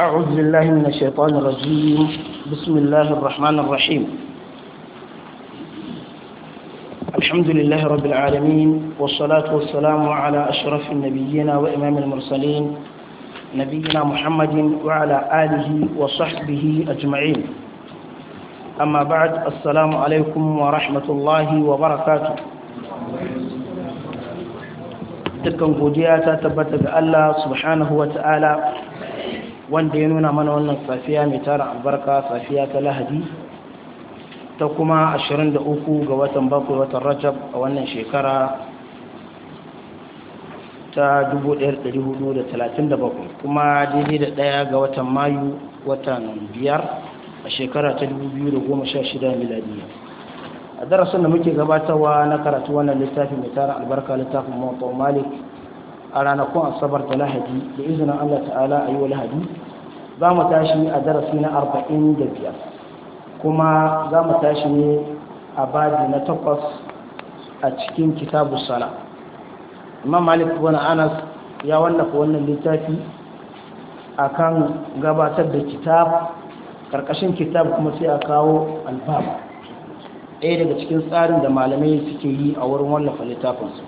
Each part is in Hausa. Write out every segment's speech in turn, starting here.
أعوذ بالله من الشيطان الرجيم بسم الله الرحمن الرحيم الحمد لله رب العالمين والصلاة والسلام على أشرف النبيين وإمام المرسلين نبينا محمد وعلى آله وصحبه أجمعين أما بعد السلام عليكم ورحمة الله وبركاته تكن godiya ta الله سبحانه وتعالى wanda ya nuna mana wannan safiya mai tara albarka safiya ta lahadi ta kuma 23 ga watan bakwai watan rajab a wannan shekara ta 1437 kuma daidai da ɗaya ga watan mayu watan biyar a shekara ta 2016 miladiya a darasin da muke gabatawa na karatu wannan littafi mai tara albarka littafin mawata malik a ranakun asabar da lahadi da izinin allah ta'ala a yi wa lahadi za mu tashi a darasi na arba'in da biyar kuma za mu tashi ne a badi na takwas a cikin kitabu sala amma malik wani anas ya wallafa wannan littafi kan gabatar da kitab karkashin kitab kuma sai a kawo albaba. ɗaya daga cikin tsarin da malamai suke yi a wurin wallafa littafinsu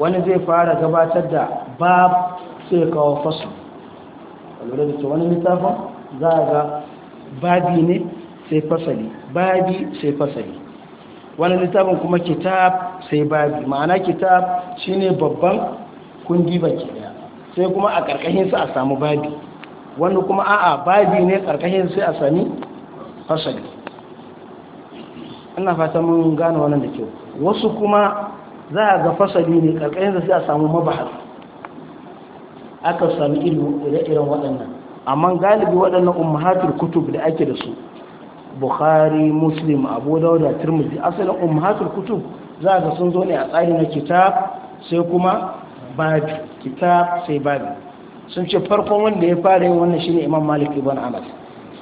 wani zai fara gabatar da bab sai kawo fasu lura da wani littafin za a ga babi ne sai fasali babi sai fasali wani littafin kuma kitab sai babi ma'ana kitab shine babban kundi baki daya sai kuma a karkashin su a samu babi wani kuma a'a babi ne karkashin sai a sami fasali ina fata mun gane wannan da kyau wasu kuma za a ga fasali ne ƙarƙarin da sai a samu mabahar aka sami ilmu ire-iren waɗannan amma galibi waɗannan ummahatul kutub da ake da su bukhari muslim abu dauda turmuzi asalin ummahatul kutub za ga sun zo ne a tsari na kitab sai kuma babi kitab sai babi sun ce farkon wanda ya fara yin wannan shine imam malik ibn anas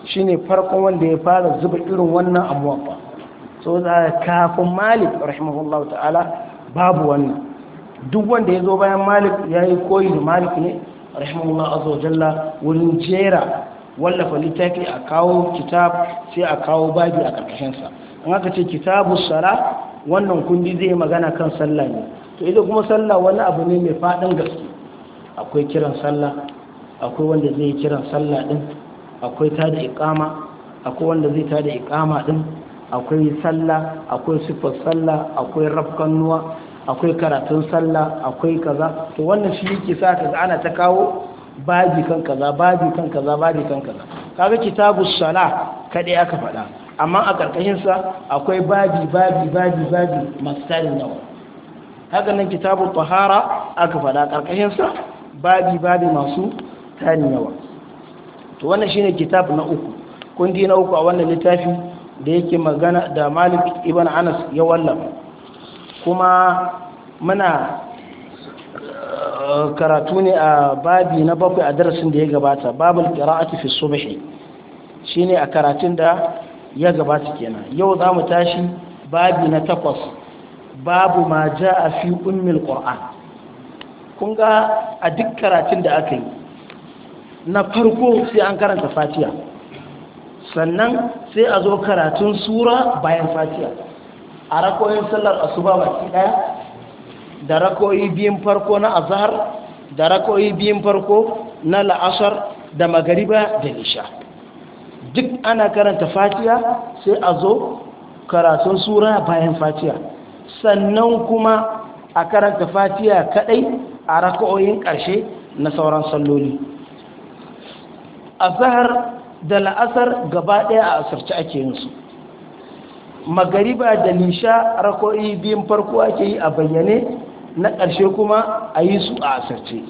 shine farkon wanda ya fara zuba irin wannan abuwa so da kafin malik rahimahullahu ta'ala babu wannan duk wanda ya zo bayan malik ya yi koyi da malik ne rahimahullah azza jalla wurin jera wallafa littafi a kawo kitab sai a kawo babi a karkashinsa an aka ce kitabu sara wannan kundi zai magana kan sallah ne to ita kuma sallah wani abu ne mai faɗin gaske akwai kiran sallah akwai wanda zai kiran sallah din akwai ta da iƙama akwai wanda zai ta da iƙama din akwai sallah akwai sifar sallah akwai rafkanuwa akwai karatun sallah akwai kaza to wannan shi yake sa ka ana ta kawo baji kan kaza baji kan kaza baji kan kaza kaga kitabu sala kadai aka fada amma a karkashin sa akwai baji baji baji baji masalin nawa haka nan kitabu tahara aka fada karkashin sa baji baji masu tani nawa to wannan shine kitabu na uku kundi na uku a wannan littafi da yake magana da Malik ibn Anas ya wallafa kuma muna eh, karatu ne a babi na bakwai a darasin da ya gabata babul qira'ati fi subhi shine a karatun da ya gabata kenan yau za mu tashi babi na takwas babu ma jaa fi ummil qur'an kun ga a duk karatun da aka yi na farko sai an karanta fatiha sannan sai a zo karatun sura bayan fatiha a rakoyin sallar asuba baki daya da rakoyi biyun farko na azhar da rakoyi biyun farko na la'asar da magariba da nisha duk ana karanta fatiya sai a zo karatun sura bayan fatiya sannan kuma a karanta fatiya kadai a rakoyin karshe na sauran salloli azhar da la'asar gaba daya a asarci ake yin su magariba da lisha rako'i biyun farko ake yi a bayyane na ƙarshe kuma a yi su a asirce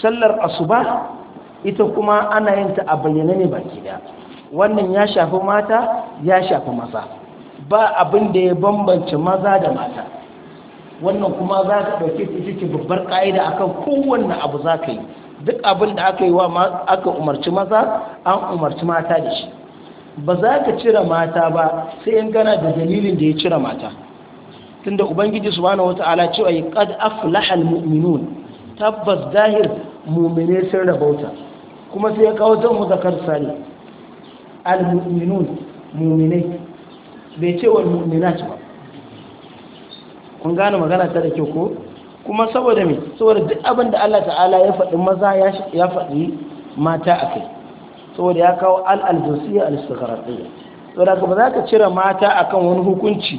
sallar asuba ita kuma ana yin ta a bayyane ne baki da wannan ya shafi mata ya shafi maza ba abin da ya bambance maza da mata wannan kuma za ka ɗauke ta babbar ƙa'ida a kan kowanne abu za ka yi duk abin da aka yi wa aka umarci maza an umarci mata da shi ba za ka cire mata ba sai in gana da dalilin da ya cire mata tunda ubangiji subhanahu wata'ala cewa ya qad aflaha almu'minun tabbas zahir mu'mine sun rabauta kuma sai ya kawo zan muzakkar sani almu'minun mu'minai bai ce wal mu'minat ba kun gane magana ta da kyau ko kuma saboda me saboda duk abin da Allah ta'ala ya faɗi maza ya faɗi mata akai saboda ya kawo al-aljinsiya al-istighraqiyya saboda ba za ka cire mata akan wani hukunci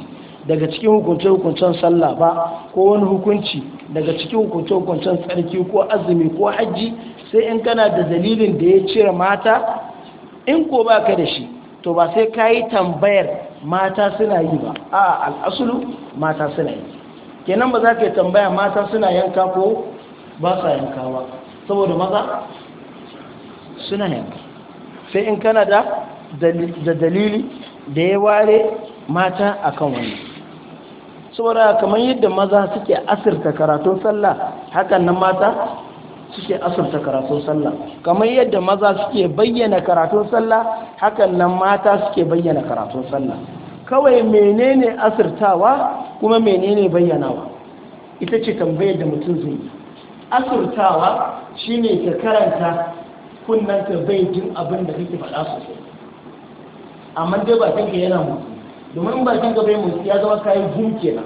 daga cikin hukunce-hukuncen sallah ba ko wani hukunci daga cikin hukunce-hukuncen tsarki ko azumi ko hajji sai in kana da dalilin da ya cire mata in ko ba ka da shi to ba sai ka yi tambayar mata suna yi ba a al'asulu mata suna yi kenan ba za ka yi tambaya mata suna yanka ko ba sa yankawa saboda maza suna yanka sai in kana da dalili da ya ware mata akan wani saboda kamar yadda maza suke asirta karatun sallah hakan nan mata suke asirta karatun sallah kamar yadda maza suke bayyana karatun sallah hakan nan mata suke bayyana karatun sallah kawai menene asirtawa kuma menene bayyanawa ita ce tambayar da mutum zai yi asirtawa shine ka karanta kunnan ka bai jin abin da kake faɗa sosai amma dai ba kanka yana mutu domin ba kanka bai mutu ya zama kayan gum kenan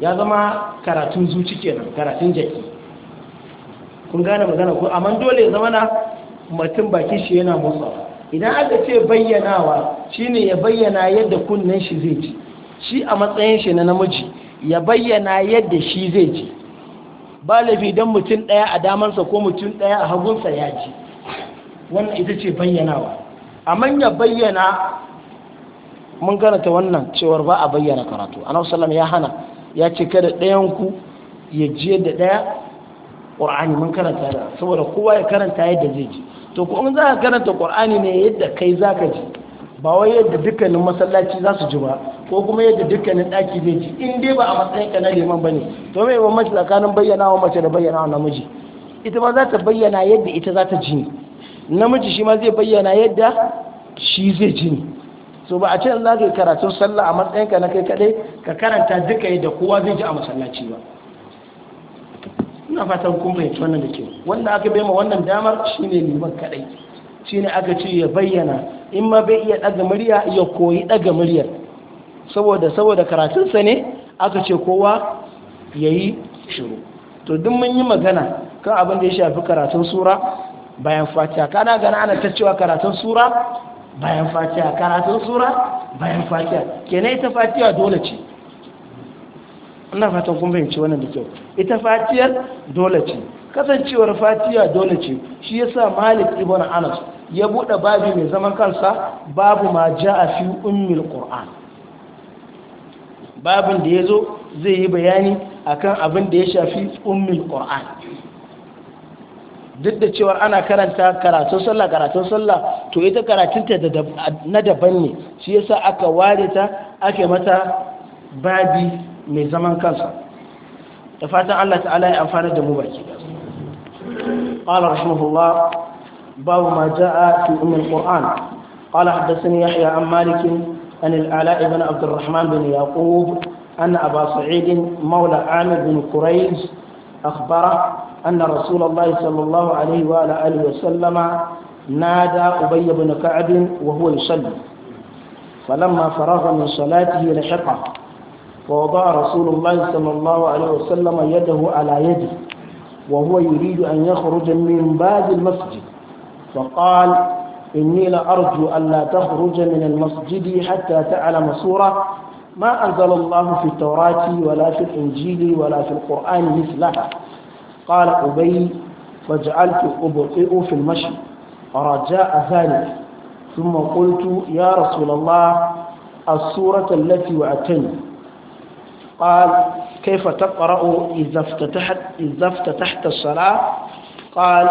ya zama karatun zuci kenan karatun jaki kun gane magana ko amma dole ya zama na mutum bakin shi yana motsawa idan aka ce bayyanawa shine ya bayyana yadda kunnen shi zai ji shi a matsayin shi na namiji ya bayyana yadda shi zai ji ba laifi don mutum ɗaya a damansa ko mutum ɗaya a hagunsa ya ji wannan ita ce bayyanawa A ya bayyana mun karanta wannan cewar ba a bayyana karatu annabi sallam ya hana ya ce kada ɗayan ku ya ji da ɗaya qur'ani mun karanta saboda kowa ya karanta yadda zai ji to ko za ka karanta qur'ani ne yadda kai za ka ji ba wai yadda dukkanin masallaci za su ji ba ko kuma yadda dukkanin ɗaki zai ji in dai ba a matsayin ka na liman ba ne to mai bambanci tsakanin bayyana wa mace da bayyana wa namiji ita ma za ta bayyana yadda ita za ta ji namiji shi ma zai bayyana yadda shi zai ji so ba a ce za ka yi karatun sallah a matsayin ka na kai kaɗai ka karanta duka yadda kowa zai ji a masallaci ba ina fatan kun fahimci wannan da kyau wanda aka bai ma wannan damar shine liman kaɗai ne aka ce ya bayyana in ma bai iya ɗaga murya ya koyi ɗaga muryar saboda saboda karatunsa ne aka ce kowa ya yi shiru to duk mun yi magana kan abin da ya shafi karatun sura bayan fatiha kana gana ana ta cewa karatun sura bayan fatiha karatun sura bayan fatiha kenan ita fatiha dole ce ina fatan kun fahimci wannan da kyau ita fatiyar dole ce kasancewar fatiya dole ce shi yasa malik ibn anas ya bude babu mai zaman kansa babu ma ja'a fi ummil qur'an babin da yazo zai yi bayani akan abin da ya shafi ummil qur'an duk da cewar ana karanta karatun sallah karatun sallah to ita karatunta na daban ne shi yasa aka ware ta ake mata babi mai zaman kansa da fatan Allah ta'ala ya amfana da mu baki قال رحمه الله باب ما جاء في أم القرآن قال حدثني يحيى عن مالك عن الآلاء بن عبد الرحمن بن يعقوب أن أبا سعيد مولى عامر بن كريز أخبره أن رسول الله صلى الله عليه وعلى آله وسلم نادى أبي بن كعب وهو يصلي فلما فرغ من صلاته لحقه فوضع رسول الله صلى الله عليه وسلم يده على يدي وهو يريد أن يخرج من باب المسجد فقال إني لأرجو أن لا تخرج من المسجد حتى تعلم سورة ما أنزل الله في التوراة ولا في الإنجيل ولا في القرآن مثلها قال أبي فجعلت أبطئ في المشي فرجاء ذلك ثم قلت يا رسول الله السورة التي وعتني قال كيف تقرأ إذا افتتحت, إذا افتتحت الصلاة قال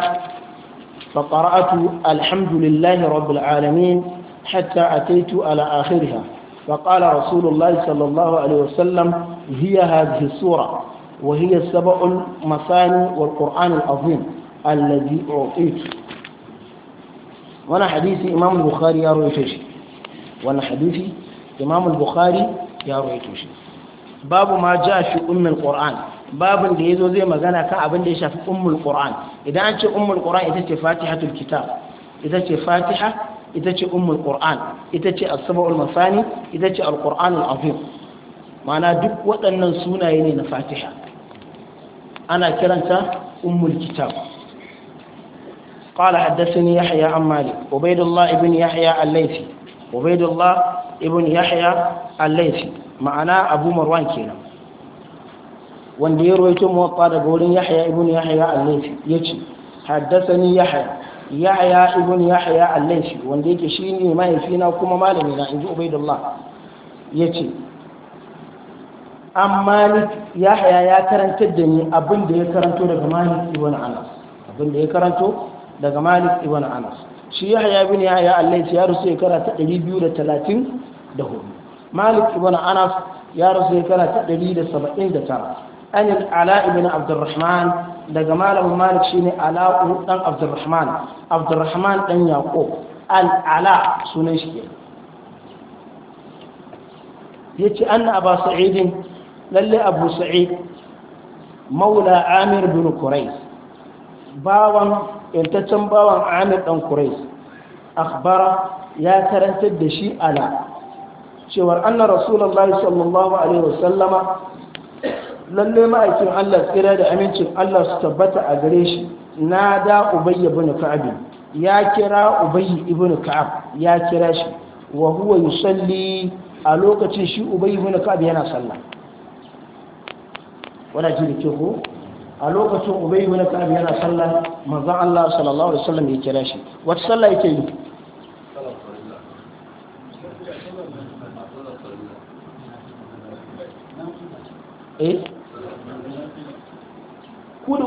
فقرأت الحمد لله رب العالمين حتى أتيت على آخرها فقال رسول الله صلى الله عليه وسلم هي هذه السورة وهي السبع المثاني والقرآن العظيم الذي أعطيت وانا حديث إمام البخاري يروي توشي وانا حديث إمام البخاري يروي توشي babu ma ja shi ummul qur'an babin da yazo zai magana kan abin da ya shafi ummul qur'an idan an ce ummul qur'an ita ce fatihatul kitab ita ce fatiha ita ce ummul qur'an ita ce as-sab'ul masani ita ce al-qur'anul azim duk waɗannan sunaye ne na fatiha ana kiranta ummul kitab قال حدثني يحيى عن مالك عبيد الله بن يحيى الليثي عبيد الله يحيى الليثي ma'ana abu marwan kenan wanda ya rawaito muwatta daga wurin yahya ibn yahya al-laifi yace haddathani yahaya, yahya ibn yahaya al-laifi wanda yake shine mahaifina kuma malami na inji ubaidullah yace amma malik yahya ya karanta da ni abin da ya karanto daga malik ibn anas abin da ya karanto daga malik ibn anas shi yahya ibn yahaya al-laifi ya rusu ya karata 234 malik ibn anas ya rasu ya kana ta 179 an yi ala ibn abdurrahman daga malamin malik shine ala dan abdurrahman abdurrahman dan yaqub al ala sunan shi yace anna abu sa'id lalle abu sa'id maula amir bin quraish bawan yantaccen bawan amir dan quraish akhbara ya karantar da shi ala cewar anna rasulullahi sallallahu alaihi wasallama lalle ma'aikin Allah tsira da amincin Allah su tabbata a gare shi na da ubayya ibn ka'ab ya kira ubayy ibn ka'ab ya kira shi wa huwa yusalli a lokacin shi ubayy ibn ka'ab yana sallah wala ji da ko a lokacin ubayy ibn ka'ab yana sallah manzon Allah sallallahu alaihi wasallam ya kira shi wata sallah yake yi Kudu eh? ku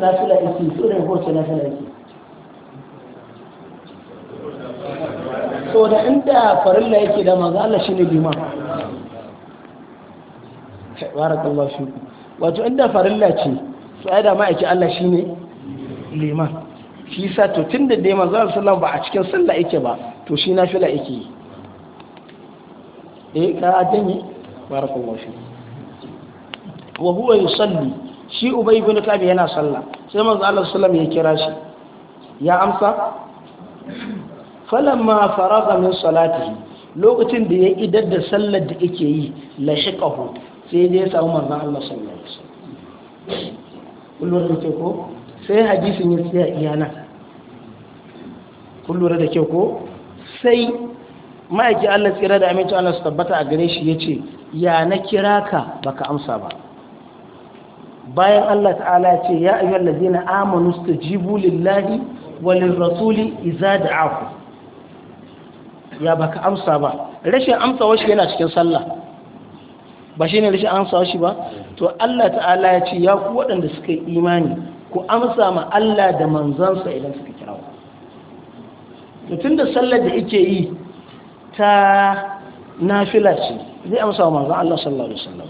na fila nafila yake su da na nafila yake so da inda farilla yake da maza Allah shi ne liman barakallahu shi wato inda farilla ce su ai da ma'aiki Allah shi ne liman shi sa to tun da dai maza Allah ba a cikin sallah yake ba to shi na fila yake yi eh ka janye barakallahu fi wa huwa yusalli shi ubay ibn ka'b yana sallah sai manzo Allah sallallahu ya kira shi ya amsa falamma faraga min salatihi lokacin da ya idar da sallar da yake yi la shiqahu sai dai ya samu manzo Allah sallallahu alaihi wasallam kullum da ke ko sai hadisin ya tsaya iyana kullum da ke ko sai ma'aiki Allah tsira da aminci Allah su tabbata a gare shi ya ce ya na kira ka baka amsa ba bayan Allah ta'ala ya ce ya amonu su amanu jibu lillahi walin rasuli iza aku. ya baka amsa ba rashin amsa washi yana cikin sallah ba shi ne rashin amsa washi ba to Allah ta'ala ya ce ya ku waɗanda suka yi imani ku amsa ma Allah da manzansa idan suka kira ku to da sallar da yake yi ta nafila ce zai amsa wa manzan Allah sallallahu alaihi wasallam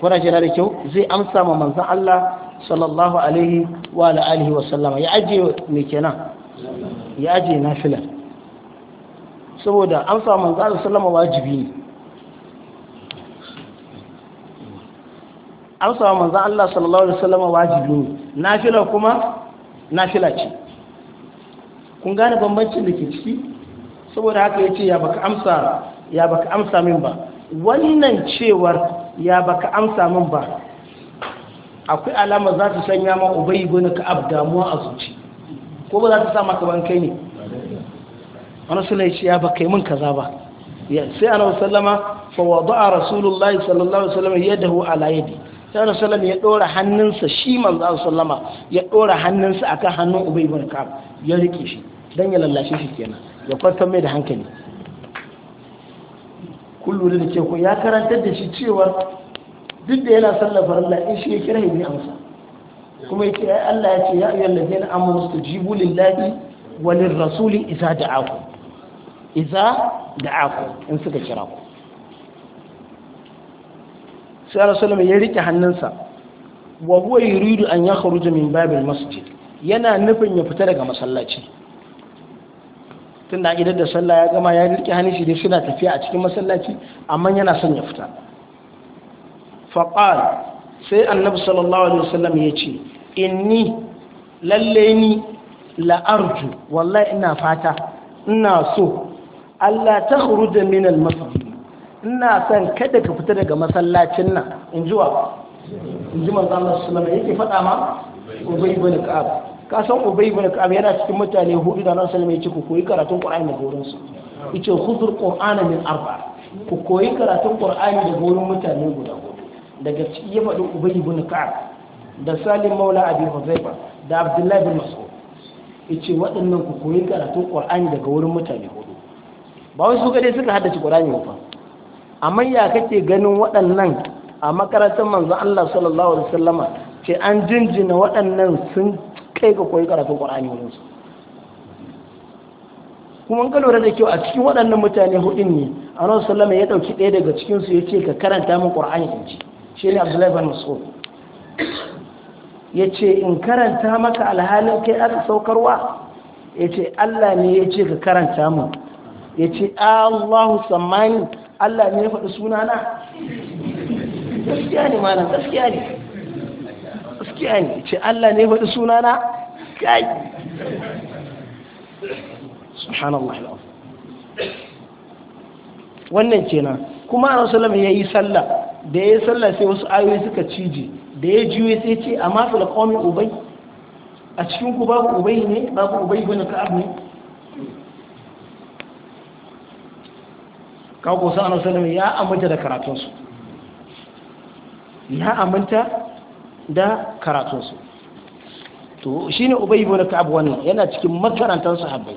kuna jira da kyau zai amsa ma manzan Allah sallallahu alaihi wa alihi wa sallama ya aje me kenan ya aje nafila saboda amsa ma manzan Allah sallama wajibi ne amsa ma manzan Allah sallallahu alaihi wa wajibi ne nafila kuma nafila ce kun gane bambancin da ke ciki saboda haka ya ce ya baka amsa ya baka amsa min ba wannan cewar ya baka amsa min ba akwai alama za ta sanya ma ubai gona ka abdamuwa damuwa a zuci ko ba za ta sa kaban kai ne wani suna ya ce ya baka yi min kaza ba sai ana wasallama fa wada'a rasulullahi sallallahu alaihi wasallam yadahu ala yadi sai salam ya ɗora hannunsa shi su sallama ya ɗora hannunsa a kan hannun ubai ibn ya rike shi don ya lallashe shi kenan ya kwanta mai da hankali kullu da ke ku ya karantar da shi cewa duk da yana sallar farilla in shi ya kira ya amsa kuma ya kira Allah ya ce ya ayyuhal ladina amanu jibu lillahi wa lirrasuli aku, iza da aku in suka kira ku sai rasulullah ya rike hannunsa wa huwa yuridu an yakhruja min babil masjid yana nufin ya fita daga masallaci tunda idan da sallah ya gama ya rike hannun shi dai suna tafiya a cikin masallaci amma yana son ya fita faqal sai annabi sallallahu alaihi wasallam ya ce inni lalle ni la'arju wallahi ina fata ina so Allah ta khuruja min al-masjid ina son kada ka fita daga masallacin nan in ji wa in ji manzo Allah sallallahu alaihi yake faɗa ma Ubay ibn Ka'ab ka san Ubay ibn Ka'ab yana cikin mutane hudu da nan sallama yace ku koyi karatun Qur'ani daga wurin su yace khudhul Qur'ana min arba ku koyi karatun Qur'ani daga wurin mutane guda daga ciki ya faɗi Ubay ibn Ka'ab da Salim Maula Abi Huzaifa da Abdullahi bin Mas'ud yace waɗannan ku koyi karatun Qur'ani daga wurin mutane hudu ba wai su dai suka haddace Qur'ani ba amma ya kake ganin waɗannan a makarantar manzo Allah sallallahu alaihi wasallama ce an jinjina waɗannan sun kai ga koyi karatu Qur'ani ne su kuma an kalora da kyau a cikin waɗannan mutane hudin ne Annabi sallama ya dauki ɗaya daga cikin su yace ka karanta min Qur'ani in ji shi ne Abdullahi ibn Mas'ud yace in karanta maka alhalin kai aka saukarwa yace Allah ne yace ka karanta min yace Allahu sammani Allah ne ya faɗi suna na? gaskiya ne malam gaskiya ne gaskiya ne ce Allah ne ya faɗi suna na kai subhanallah wannan kenan kuma annabi sallallahu ya yi sallah da yi sallah sai wasu ayoyi suka cije da ya juye sai ce amma fil qawmi ubay a cikin ku babu ubay ne babu ubay ka abu ne kawo kusa ana sallallahu ya aminta da karatunsu ya aminta da karatunsu to shine bane ka abu wannan yana cikin makarantar sahabbai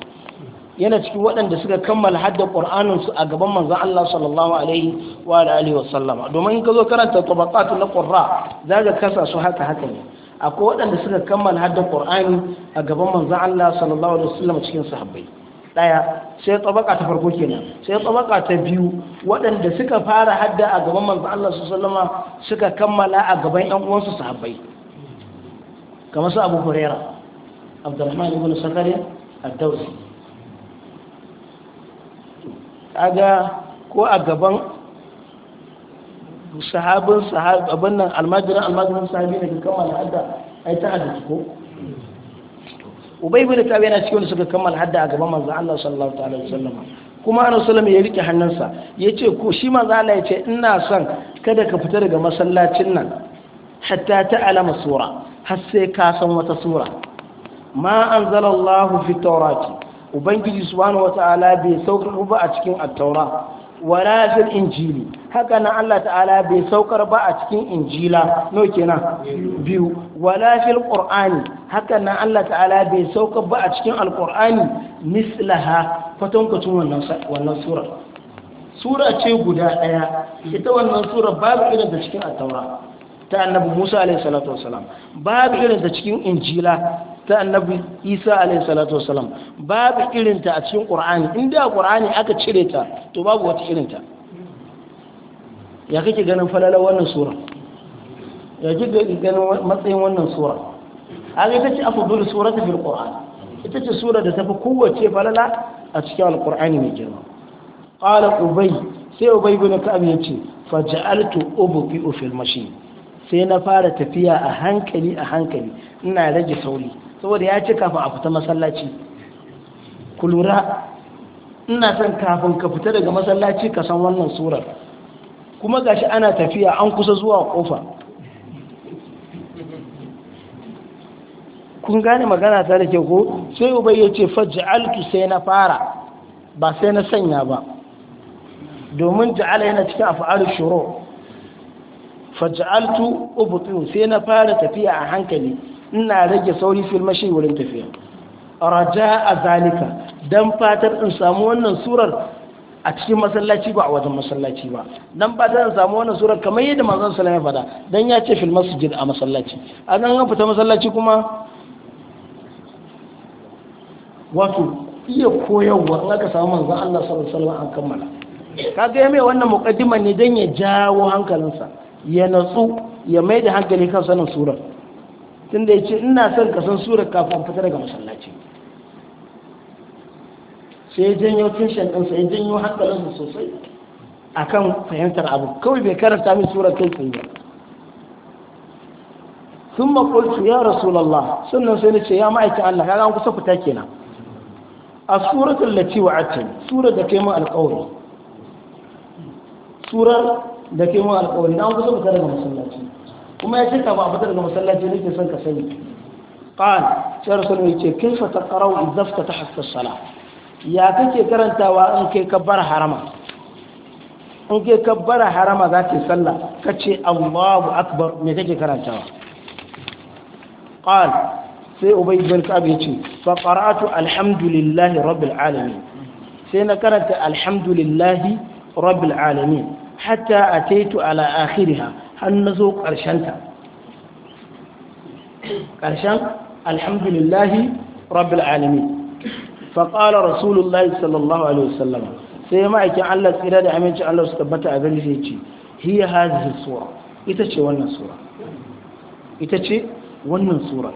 yana cikin waɗanda suka kammala hadda ƙor'aninsu a gaban manzan Allah sallallahu alaihi wa Alaihi wa sallama domin ka zo karanta tabaqatul na za ka kasa su haka haka ne akwai waɗanda suka kammala hadda qur'ani a gaban manzan Allah sallallahu alaihi wa sallam cikin sahabbai Ɗaya sai tsabaka ta farko kenan sai tsabaka ta biyu waɗanda suka fara hadda a gaban manzo Allah sallallahu alaihi suka kammala a gaban ƴan uwansu sahabbai kamar su Abu Huraira Abdurrahman ibn Sakari ad-Dawsi kaga ko a gaban sahabin sahabin nan almajiran almajiran sahabi ne kammala hadda ai ta hadda ko ubay bin ka'ab yana cikin suka kammala hadda a gaban manzon Allah sallallahu alaihi wasallam kuma annabi sallallahu ya rike hannunsa yace ko shi manzon Allah yace ina son kada ka fita daga masallacin nan hatta alama sura har sai ka san wata sura ma anzalallahu fi tawrat ubangiji subhanahu wata'ala bai saukar ba a cikin at-taura wala fil injili haka na Allah ta'ala bai saukar ba a cikin injila no kenan biyu wala fil qur'ani haka nan Allah ta'ala bai saukar ba a cikin alqur'ani mislaha kwatankwacin wannan wannan sura sura ce guda daya ita wannan sura babu irin da cikin at-taura ta annabi Musa alaihi salatu wasalam babu irin da cikin injila ta annabi isa alayhi salatu wasalam babu irinta a cikin qur'ani inda qur'ani aka cire ta to babu wata irinta ya kake ganin falala wannan sura ya kake ganin matsayin wannan sura aga ita ce afdalus ta fil qur'an ita ce sura da tafi kowace falala a cikin alqur'ani mai girma qala ubay sai ubay bin ka'ab yace obo ubqi fil mashi sai na fara tafiya a hankali a hankali ina rage sauri saboda ya ce kafin a fita masallaci ku lura ina son kafin ka fita daga masallaci ka san wannan surar kuma gashi ana tafiya an kusa zuwa kofa kun gane magana ta da ke ko sai ubai ya ce faj'altu sai na fara ba sai na sanya ba domin ja'ala yana cikin afu'ar shuru faj'altu ubutu sai na fara tafiya a hankali ina rage sauri fil mashi wurin tafiya raja'a zalika dan fatar in samu wannan surar a cikin masallaci ba a wajen masallaci ba dan ba zan samu wannan surar kamar yadda manzon sallallahu alaihi wasallam ya faɗa dan ya ce fil masjid a masallaci a nan an fita masallaci kuma wato iya koyarwa an aka samu manzon Allah sallallahu alaihi wasallam an kammala kaga ya mai wannan muqaddima ne dan ya jawo hankalinsa ya natsu ya mai da hankali kan sanin surar tunda ya ce ina son ka san surar kafin fita daga masallaci sai ya janyo tension ɗinsa ya janyo hankalinsa sosai a kan fahimtar abu kawai bai karanta min surar kai tsaye ba sun makultu ya rasulallah sannan sai na ce ya ma'aikin Allah kaga an kusa fita kenan a suratul lati wa'atani surar da kaimun mu surar da kaimun mu alƙawari na kusa fita daga masallaci kuma ya ce ka ba fita daga masallaci nake son ka sani qal sai rasul ya ce kaifa taqra'u idza ta hatta as ya kake karantawa in kai kabbara harama in kai harama za ka yi sallah ka ce allahu akbar me kake karantawa qal sai ubay bin ka'ab ya ce fa qara'atu alhamdulillahi rabbil alamin sai na karanta alhamdulillahi rabbil alamin hatta ataitu ala akhiriha har na zo karshen ta karshen alhamdulillahi rabbil alamin faƙala rasulullahi sallallahu alaihi wasallama sai ma'aikin allah tsira da aminci allah su tabbata a gari sai ce hiya hazi sura ita ce wannan sura ita ce wannan sura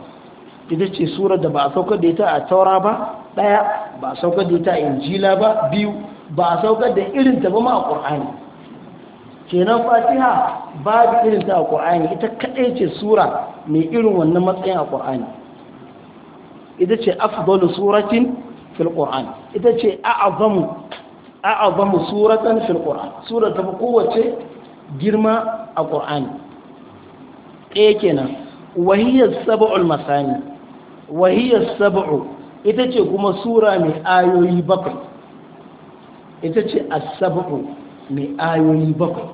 ita ce sura da ba a saukar da ita a taura ba ɗaya ba a saukar da ita a injila ba biyu ba a saukar da irin ta ba ma a ƙur'ani kenan fatiha da irin ta a ƙur'ani ita kaɗai ce sura mai irin wannan matsayin a ƙur'ani ita ce afdalu suratin fil ita ce a'azamu a'azamu suratan fil qur'an kowace girma a ƙur'ani. ɗaya kenan wahiyar sab'ul masani wahiyar sab'u ita ce kuma sura mai ayoyi bakwai ita ce as-sab'u mai ayoyi bakwai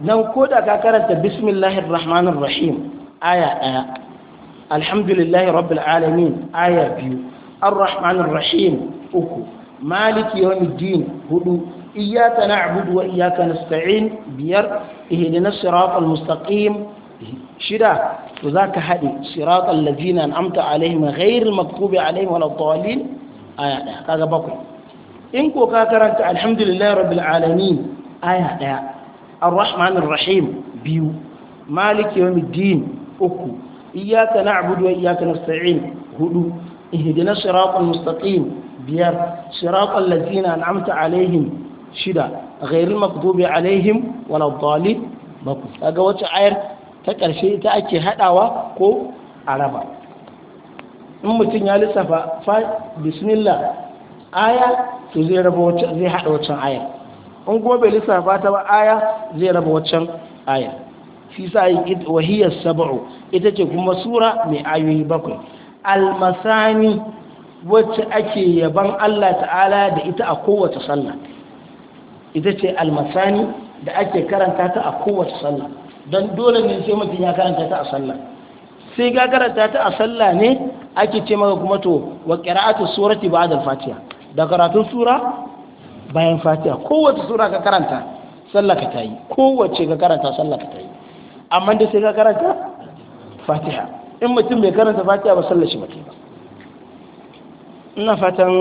nan ko ka karanta bismillahir rahmanir aya ɗaya الحمد لله رب العالمين آية بيو الرحمن الرحيم أكو مالك يوم الدين هدو إياك نعبد وإياك نستعين بير إهدنا الصراط المستقيم شدا وذاك هدي صراط الذين أنعمت عليهم غير المكتوب عليهم ولا الضالين آية هذا بقي إنكو كاكرنت الحمد لله رب العالمين آية الرحمن الرحيم بيو مالك يوم الدين أكو iyyaka na'budu wa iyyaka nasta'in hudu ihdina siratal mustaqim biyar siratal ladzina an'amta alaihim shida ghairil maghdubi alaihim waladdallin bakwai kaga wacce ayar ta ƙarshe ita ake hadawa ko araba in mutum ya lissafa fa bismillah aya to zai raba waccan zai hada waccan ayar in kuma bai lissafa ta ba aya zai raba waccan ayar shi sa yi wahiyar sab'u ita ce kuma sura mai ayoyi bakwai almasani wacce ake yaban Allah ta'ala da ita a kowace sallah ita ce almasani da ake karanta ta a kowace sallah don dole ne sai mutum ya karanta ta a sallah sai ga karanta ta a sallah ne ake ce maka kuma to wa qira'atu surati ba'da al-fatiha da karatun sura bayan fatiha kowace sura ka karanta sallah ka tayi kowace ka karanta sallah ka tayi amma da sai ka karanta fatiha in mutum bai karanta fatiha ba sallar shi mace ba ina fatan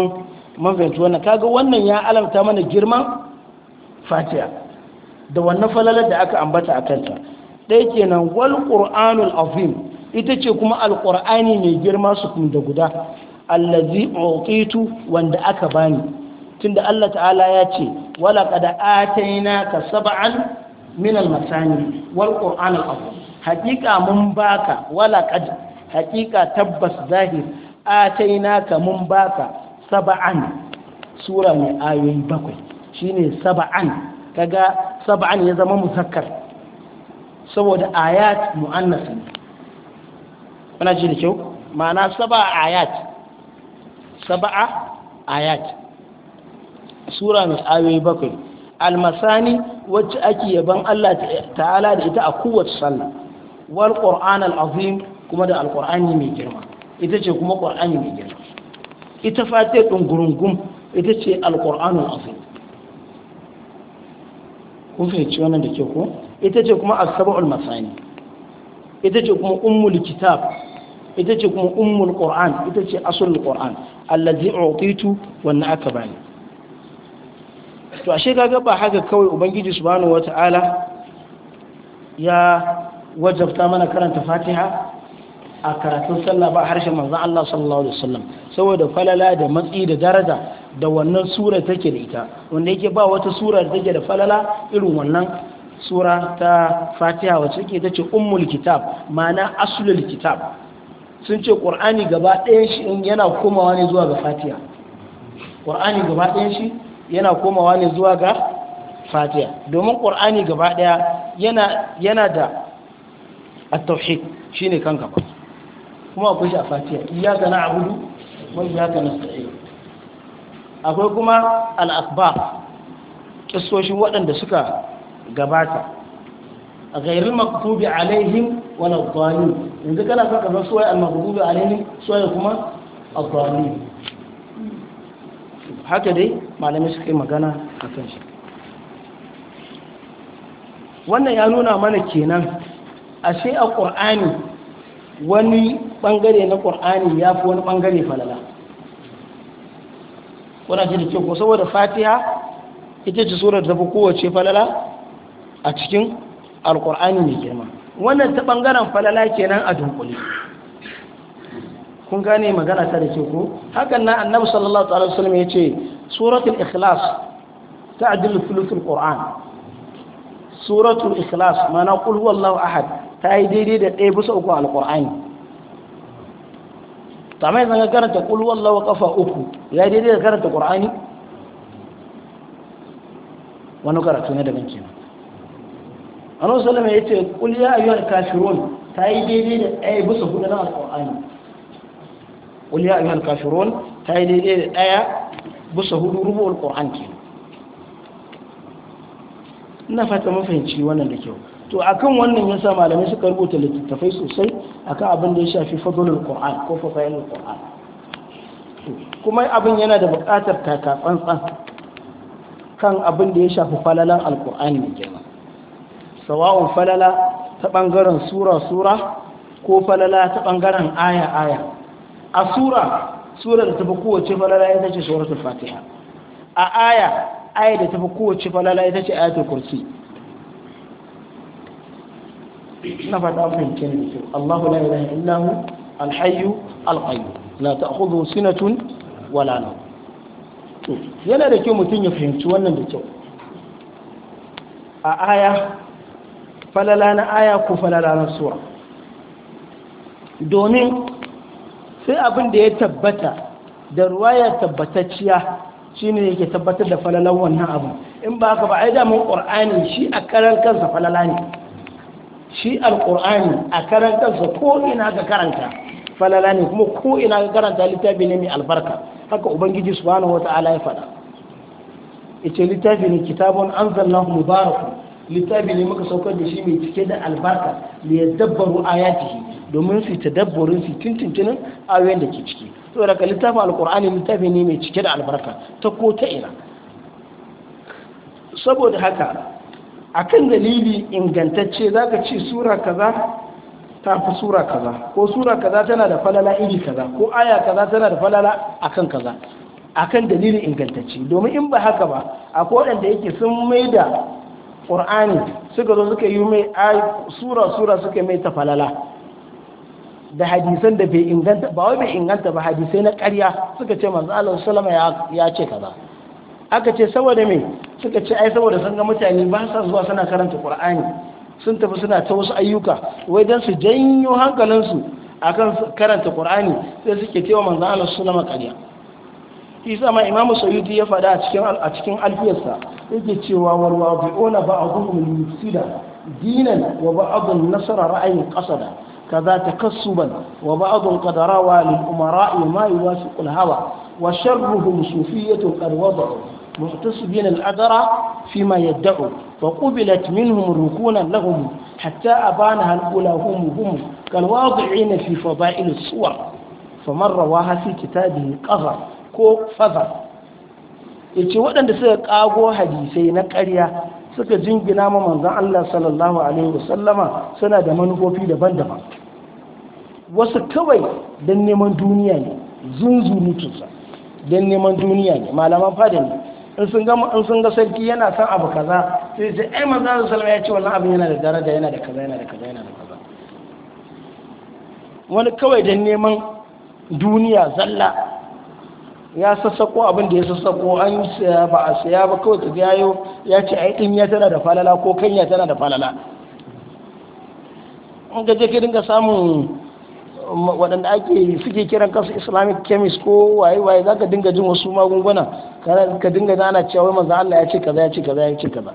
mun wannan kaga wannan ya alamta mana girman fatiha da wannan falalar da aka ambata a kanta ɗaya kenan wal qur'anul azim ita ce kuma Alƙur'ani mai girma su kun da guda allazi uqitu wanda aka bani tunda Allah ta'ala ya ce wala qad atainaka sab'an min al-masani wal qur'anul azim haƙiƙa mun baka wala ƙad haƙiƙa tabbas zahir naka mun baka sab'an sura mai ayoyi bakwai shine sab'an kaga sab'an ya zama muzakkar saboda ayat muannas ne kuna ji da kyau ma'ana sab'a ayat sab'a ayat sura mai ayoyi bakwai almasani wacce ake yaban Allah ta'ala da ita a kowace sallah wal qur'an al azim kuma da al qur'ani mai girma ita ce kuma qur'ani mai girma ita fatiha din gurungum ita ce al qur'an al azim kun fahimci wannan da ke ko ita ce kuma as al masani ita ce kuma ummul kitab ita ce kuma ummul qur'an ita ce asulul qur'an allazi uqitu wanne aka bani to ashe kaga ba haka kawai ubangiji subhanahu wataala ya wajabta mana karanta fatiha a karatun sallah ba harshen manzan Allah sallallahu alaihi wasallam saboda falala da matsi da daraja da wannan sura take da ita wanda yake ba wata sura da take da falala irin wannan sura ta fatiha wacce ke ta ce ummul kitab ma'ana asulul kitab sun ce qur'ani gaba ɗayan shi yana komawa ne zuwa ga fatiha qur'ani gaba ɗayan shi yana komawa ne zuwa ga fatiha domin qur'ani gaba ɗaya yana yana da at-tauhid shine kan kuma akwai shi a fatiha iyyaka na'budu wa iyyaka nasta'in akwai kuma al-asbab waɗanda suka gabata a gairin maktubi alaihim wala dhalim yanzu kana son ka san suwaye al-maghdubi kuma al haka dai malamai suka yi magana a kan wannan ya nuna mana kenan ashe a ƙur'ani wani ɓangare na ƙur'ani ya fi wani ɓangare falala kuna ce da ke ko saboda fatiha ita ce surar da kowace falala a cikin alƙur'ani mai girma wannan ta ɓangaren falala kenan a dunkule kun gane magana ta da ke ko hakan na annabi sallallahu alaihi wasallam ya ce suratul ikhlas ta'dilu thuluthul qur'an suratul ikhlas mana qul huwallahu ahad ta yi daidai da ɗaya bisa uku alqur'ani ta mai zanga karanta qul huwallahu kafa uku ya yi daidai da karanta ƙur'ani wani karatu na daban kenan annabi sallama yace qul ya ayyuhal kafirun ta yi daidai da ɗaya bisa hudu na Alƙur'ani qul ya ayyuhal kafirun ta yi daidai da ɗaya bisa hudu rubo Alƙur'an kenan ina fata mafahimci wannan da kyau to akan wannan ya sa malamai suka rubuta littattafai sosai akan abin da ya shafi fadlul qur'an ko fasailul qur'an kuma abin yana da buƙatar taka tsantsan kan abin da ya shafi falalan alqur'ani mai girma sawa'un falala ta bangaren sura sura ko falala ta bangaren aya aya a sura sura da ta fi kowace falala ita ce suratul fatiha a aya aya da tafi kowace falala ita ce ayatul kursi na fata fahimci ne kyau Allahu la ilaha illa hu alhayyu alqayyum la ta'khudhu sinatun wala nawm to yana da kyau mutum ya fahimci wannan da kyau a aya falala na aya ko falala na sura domin sai abin da ya tabbata da ruwaya tabbatacciya ne yake tabbatar da falalan wannan abu in ba ka ba ai da mun ƙor'ani shi a karan kansa falala ne shi al-ƙor'ani a karan kansa ko ina ga karanta falala ne kuma ko ina ka karanta littafi ne mai albarka haka ubangiji su wata ala ya faɗa ita littafi ne kitabun anzalnahu mubaraku littafi ne muka saukar da shi mai cike da albarka li yadabbaru ayatihi domin su ta dabbarin su tuntuntunin ayoyin da ke ciki saboda ka littafin alkur'ani littafi ne mai cike da albarka ta ko ta ina saboda haka a kan dalili ingantacce za ka ce sura kaza ta fi sura kaza ko sura kaza tana da falala iri kaza ko aya kaza tana da falala akan kaza kan dalili ingantacce domin in ba haka ba a waɗanda yake sun mai da ƙur'ani suka zo suka yi mai sura sura suka mai ta falala da hadisan da bai inganta ba wai bai inganta ba hadisai na ƙarya suka ce manzo Allah sallama ya ce kaza aka ce saboda me suka ce ai saboda sun ga mutane ba sa zuwa suna karanta Qur'ani sun tafi suna ta wasu ayyuka wai dan su janyo hankalin su akan karanta Qur'ani sai suke cewa manzo Allah sallama ƙarya isa ma imamu sayyidi ya faɗa a cikin a cikin alfiyarsa yake cewa wal wafi'una ba'dhum yufsida dinan wa ba'dhum nasara ra'ayin qasada كذا تكسبا وبعض قد روى للأمراء ما يوافق الهوى وشرهم صوفية قد وضعوا محتسبين الأدرى فيما يدعوا فقبلت منهم ركونا لهم حتى أبانها الأولى هم هم كالواضعين في فضائل الصور فمن رواها في كتابه قذر كو فذر yace waɗanda suka ƙago hadisai na suka jingina ma manzon Allah sallallahu alaihi wasallama suna da manufofi daban-daban wasu kawai don neman duniya ne zunzunutunsa don neman duniya ne malaman fada ne in sun ga sarki yana son abu kaza sai ce ai manzon Allah sallama ya ce wannan abin yana da daraja yana da kaza yana da kaza yana da kaza wani kawai don neman duniya zalla ya sassako abin da ya sassako an siya ba a siya ba kawai ta yayo ya ce ai ya tana da falala ko kanya tana da falala in ga ka dinga samun waɗanda ake suke kiran kansu islamic chemist ko waye waye za ka dinga jin wasu magunguna ka dinga gana cewa manzo Allah ya ce kaza ya ce kaza ya ce kaza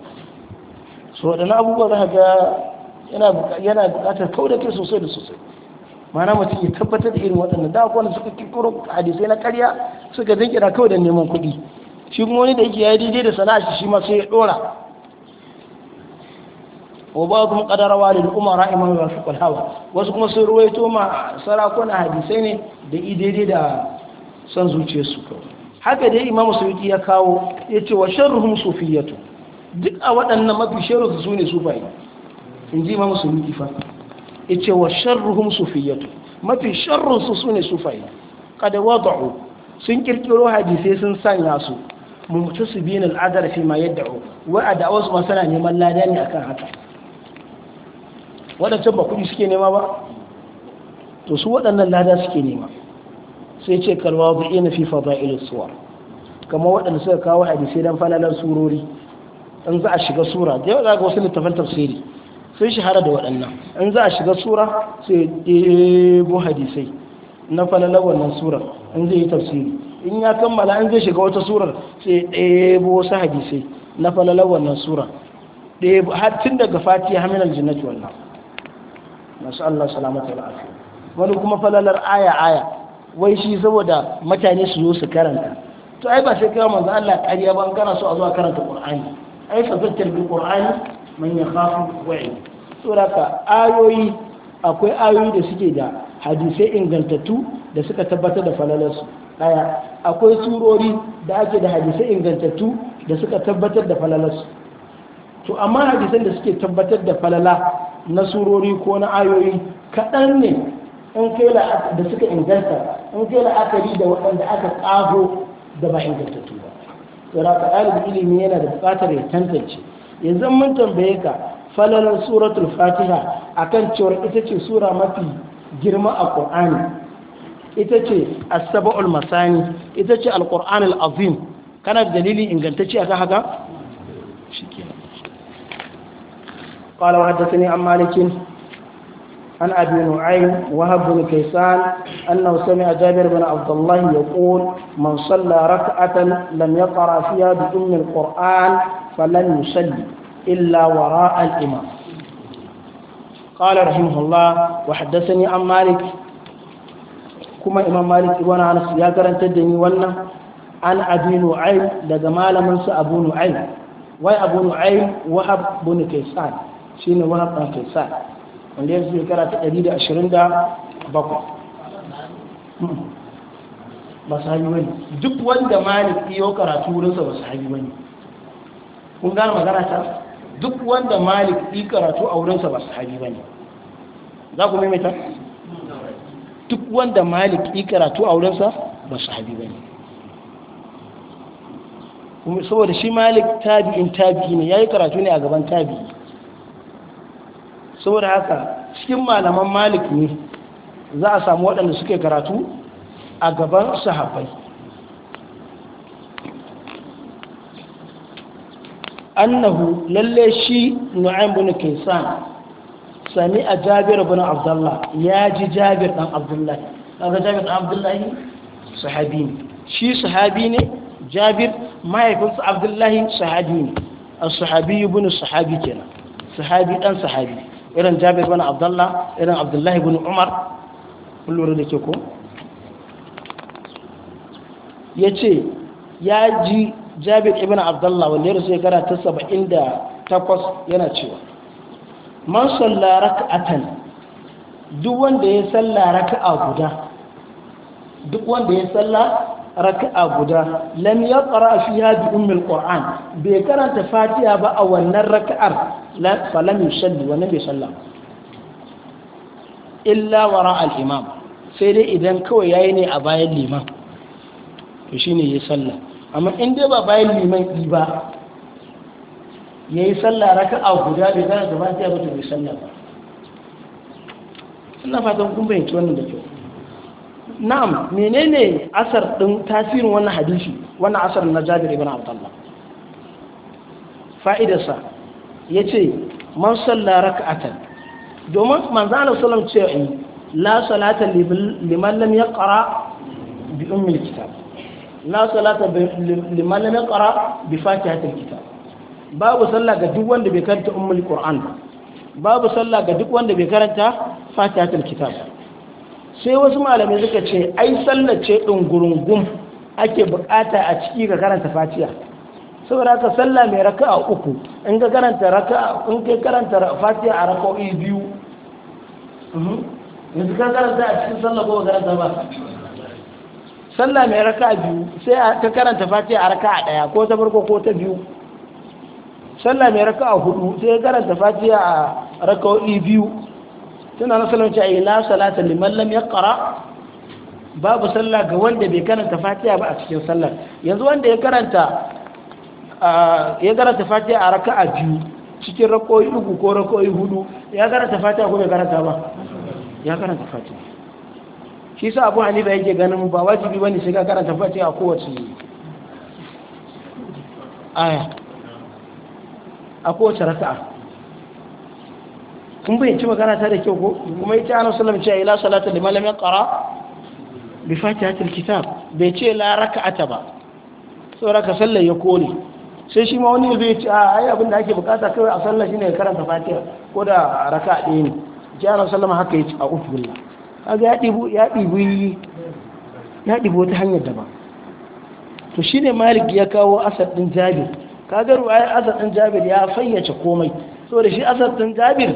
so waɗannan abubuwa za ka ga yana buƙatar kau da kai sosai da sosai mana mutum ya tabbatar da irin waɗannan da akwai suka kirkiro hadisai na ƙarya suka jinkira kawai da neman kuɗi shi kuma wani da yake yayi daidai da sana'a shi ma sai ya ɗora wa ba kuma kadarawa da umara imam wa fiqal hawa wasu kuma sun ruwaito ma sarakuna hadisai ne da i daidai da san zuciyarsu haka dai imam suyuti ya kawo ya ce wa sharruhum sufiyatu duk a waɗannan mafi sharru su ne sufai in ji imam suyuti fa yace wa sharruhum sufiyatu mafi sharrun su sune sufai kada wada'u sun kirkiro hadisi sun sanya su mumtasibin al'adar fi ma yad'u wa ad'awas ma sana neman lada ne akan haka wadancan ba kudi suke nema ba to su waɗannan lada suke nema sai ce kalwa bu ina fi fada'il suwar kama waɗanda suka kawo hadisi dan falalan surori in za a shiga sura da yawa za ga wasu littafan tafsiri sun shahara da waɗannan in za a shiga sura sai ɗebo hadisai na falalar wannan surar in zai yi tafsiri in ya kammala in zai shiga wata surar sai ɗebo wasu hadisai na falalar wannan sura har tun daga fati hamilar jinnati wannan masu Allah salamata al'afi wani kuma falalar aya aya wai shi saboda mutane su zo su karanta to ai ba sai kawo manzo Allah ƙarya ba an kana so a zuwa karanta Qur'ani ai fa zakkar bil man ya khafu wa'i suraka ayoyi akwai ayoyi da suke da hadisai ingantattu da suka tabbatar da falalarsu daya akwai surori da ake da hadisai ingantattu da suka tabbatar da falalarsu to amma hadisan da suke tabbatar da falala na surori ko na ayoyi kaɗan ne in kai da suka inganta in kai la'akari da waɗanda aka tsago da ba ingantattu ba. Tsara ka ilimi yana da buƙatar ya tantance yanzu mun tambaye ka falalar suratul fatiha akan cewar ita ce sura mafi girma a qur'ani ita ce as masani ita ce al al'azim kana dalili ingantacce akan haka shikenan qala an malikin عن أبي نعيم وهب بن كيسان أنه سمع جابر بن عبد الله يقول من صلى ركعة لم يقرأ فيها بأم القرآن فلن يصلي إلا وراء الإمام قال رحمه الله وحدثني عن مالك كما إمام مالك ابن أنس يا كرن تدني ولنا عن أبي نعيم لجمال منس أبو نعيم وأبو نعيم وهب بن كيسان شين وهب بن كيسان wanda yanzu shekara ta 127 ba sahabi wani duk wanda malik iya karatu wurinsa ba sahabi wani kun gane magarata ta duk wanda malik iya karatu a wurinsa ba sahabi wani za ku maimaita duk wanda malik iya karatu a wurinsa ba sahabi bane saboda shi malik in tabi ne ya yi karatu ne a gaban tabi. saboda haka cikin malaman malik ne za a samu waɗanda suke karatu a gaban sahabbai annahu lalle shi bani bin kaysan sami a jabir bin abdullah ya ji jabir dan abdullah kaga jabir dan abdullah sahabi ne shi sahabi ne jabir mahaifinsa abdullahi sahabi ne as-sahabi bani sahabi kenan sahabi dan sahabi irin jabir bin abdullah irin abdullahi bin umar kullure da ke ko ya ce ya ji jabir ibn abdullah wanda ya rasu ya gara ta saba'in da takwas yana cewa man a tan, duk wanda ya ka a guda duk wanda ya salla raka'a guda lam yaqra fiha bi ummil qur'an bai karanta fatiha ba a wannan raka'ar la falam yusalli wa nabi sallam illa wara al'imam sai dai idan kawai yayi ne a bayan liman to shine yayi sallah amma in dai ba bayan liman yi ba yayi sallah raka'a guda bai karanta fatiha ba to bai sallah ba ina fatan kun bayyana wannan da kyau na'am menene asar din tasirin wannan hadisi wannan asar na Jabir ibn Abdullah fa'idarsa yace man salla rak'atan domin manzo Allah sallallahu alaihi wasallam la salata liman lam yaqra bi ummi alkitab la salata liman lam yaqra bi fatihati alkitab babu salla ga duk wanda bai karanta ummul qur'an babu salla ga duk wanda bai karanta fatihati kitab sai wasu malamai suka ce ai sallace ɗungurungun ake bukata a ciki ga karanta fatiya saboda ka salla mai raka'a uku in ka karanta raka'a in ka karanta fatiha a raka'o'i biyu mhm, yanzu ka karanta a cikin sallar ko karanta ba Salla mai raka'a biyu sai ka karanta fatiha a raka'a daya ko ta farko ko ta biyu Salla mai raka'a hudu sai ka karanta fatiha a raka'o'i biyu suna na salon cewa la salata liman lam kara babu sallah ga wanda bai karanta fatiha ba a cikin sallar yanzu wanda ya karanta ya karanta fatiya a a biyu cikin rakoyi uku ko rakoyi hudu ya karanta fatiha ko bai karanta ba ya karanta fatiha shi sa abu ba yake ganin ba wajibi wani sai ka karanta fatiha a kowace aya a kowace raka'a kun bayyanci magana ta da kyau ko kuma ita annabi sallallahu alaihi wasallam ce ila salata liman lam yaqra bi fatihatil kitab bai ce la raka'ata ba so ka sallar ya kore sai shi ma wani bai ce a ai abin da ake bukata kawai a sallar shine ya karanta fatiha ko da raka'a ɗaya ne ji annabi sallallahu haka yace a ubillah kaga ya dibu ya dibu ya dibu ta hanyar daban to shine malik ya kawo asad din jabir kaga ruwaya asad din jabir ya fayyace komai saboda shi asad din jabir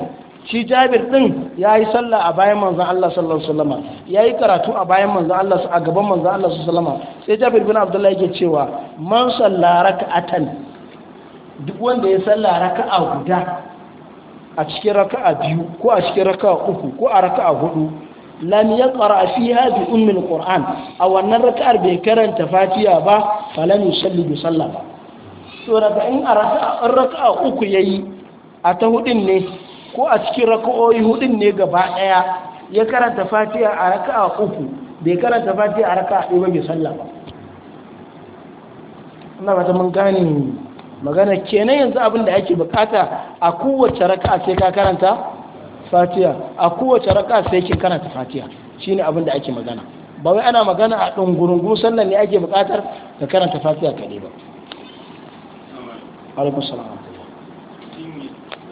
shi jabir din ya yi sallah a bayan manzan Allah sallallahu alaihi wasallama ya yi karatu a bayan manzan Allah a gaban manzan Allah sallallahu alaihi wasallama sai jabir bin abdullahi yake cewa man salla raka'atan duk wanda ya salla a guda a cikin a biyu ko a cikin a uku ko a a hudu lam yaqra fi bi ummi alquran a wannan raka'ar bai karanta fatiha ba falan yusalli bi sallah ba to daga in a raka'a uku yayi a ta hudin ne ko a cikin raka'o'i hudun ne gaba ɗaya ya karanta fatiha a raka'a uku bai karanta fatiha a raka'a ɗaya ba mai sallah ba ina ba ta mun gane magana kenan yanzu abin da ake bukata a kowace raka'a sai ka karanta fatiha a kowace raka'a sai kin karanta fatiha shine abin da ake magana ba wai ana magana a ɗungurungun sallan ne ake buƙatar ka karanta fatiha kadai ba. alaikum salam.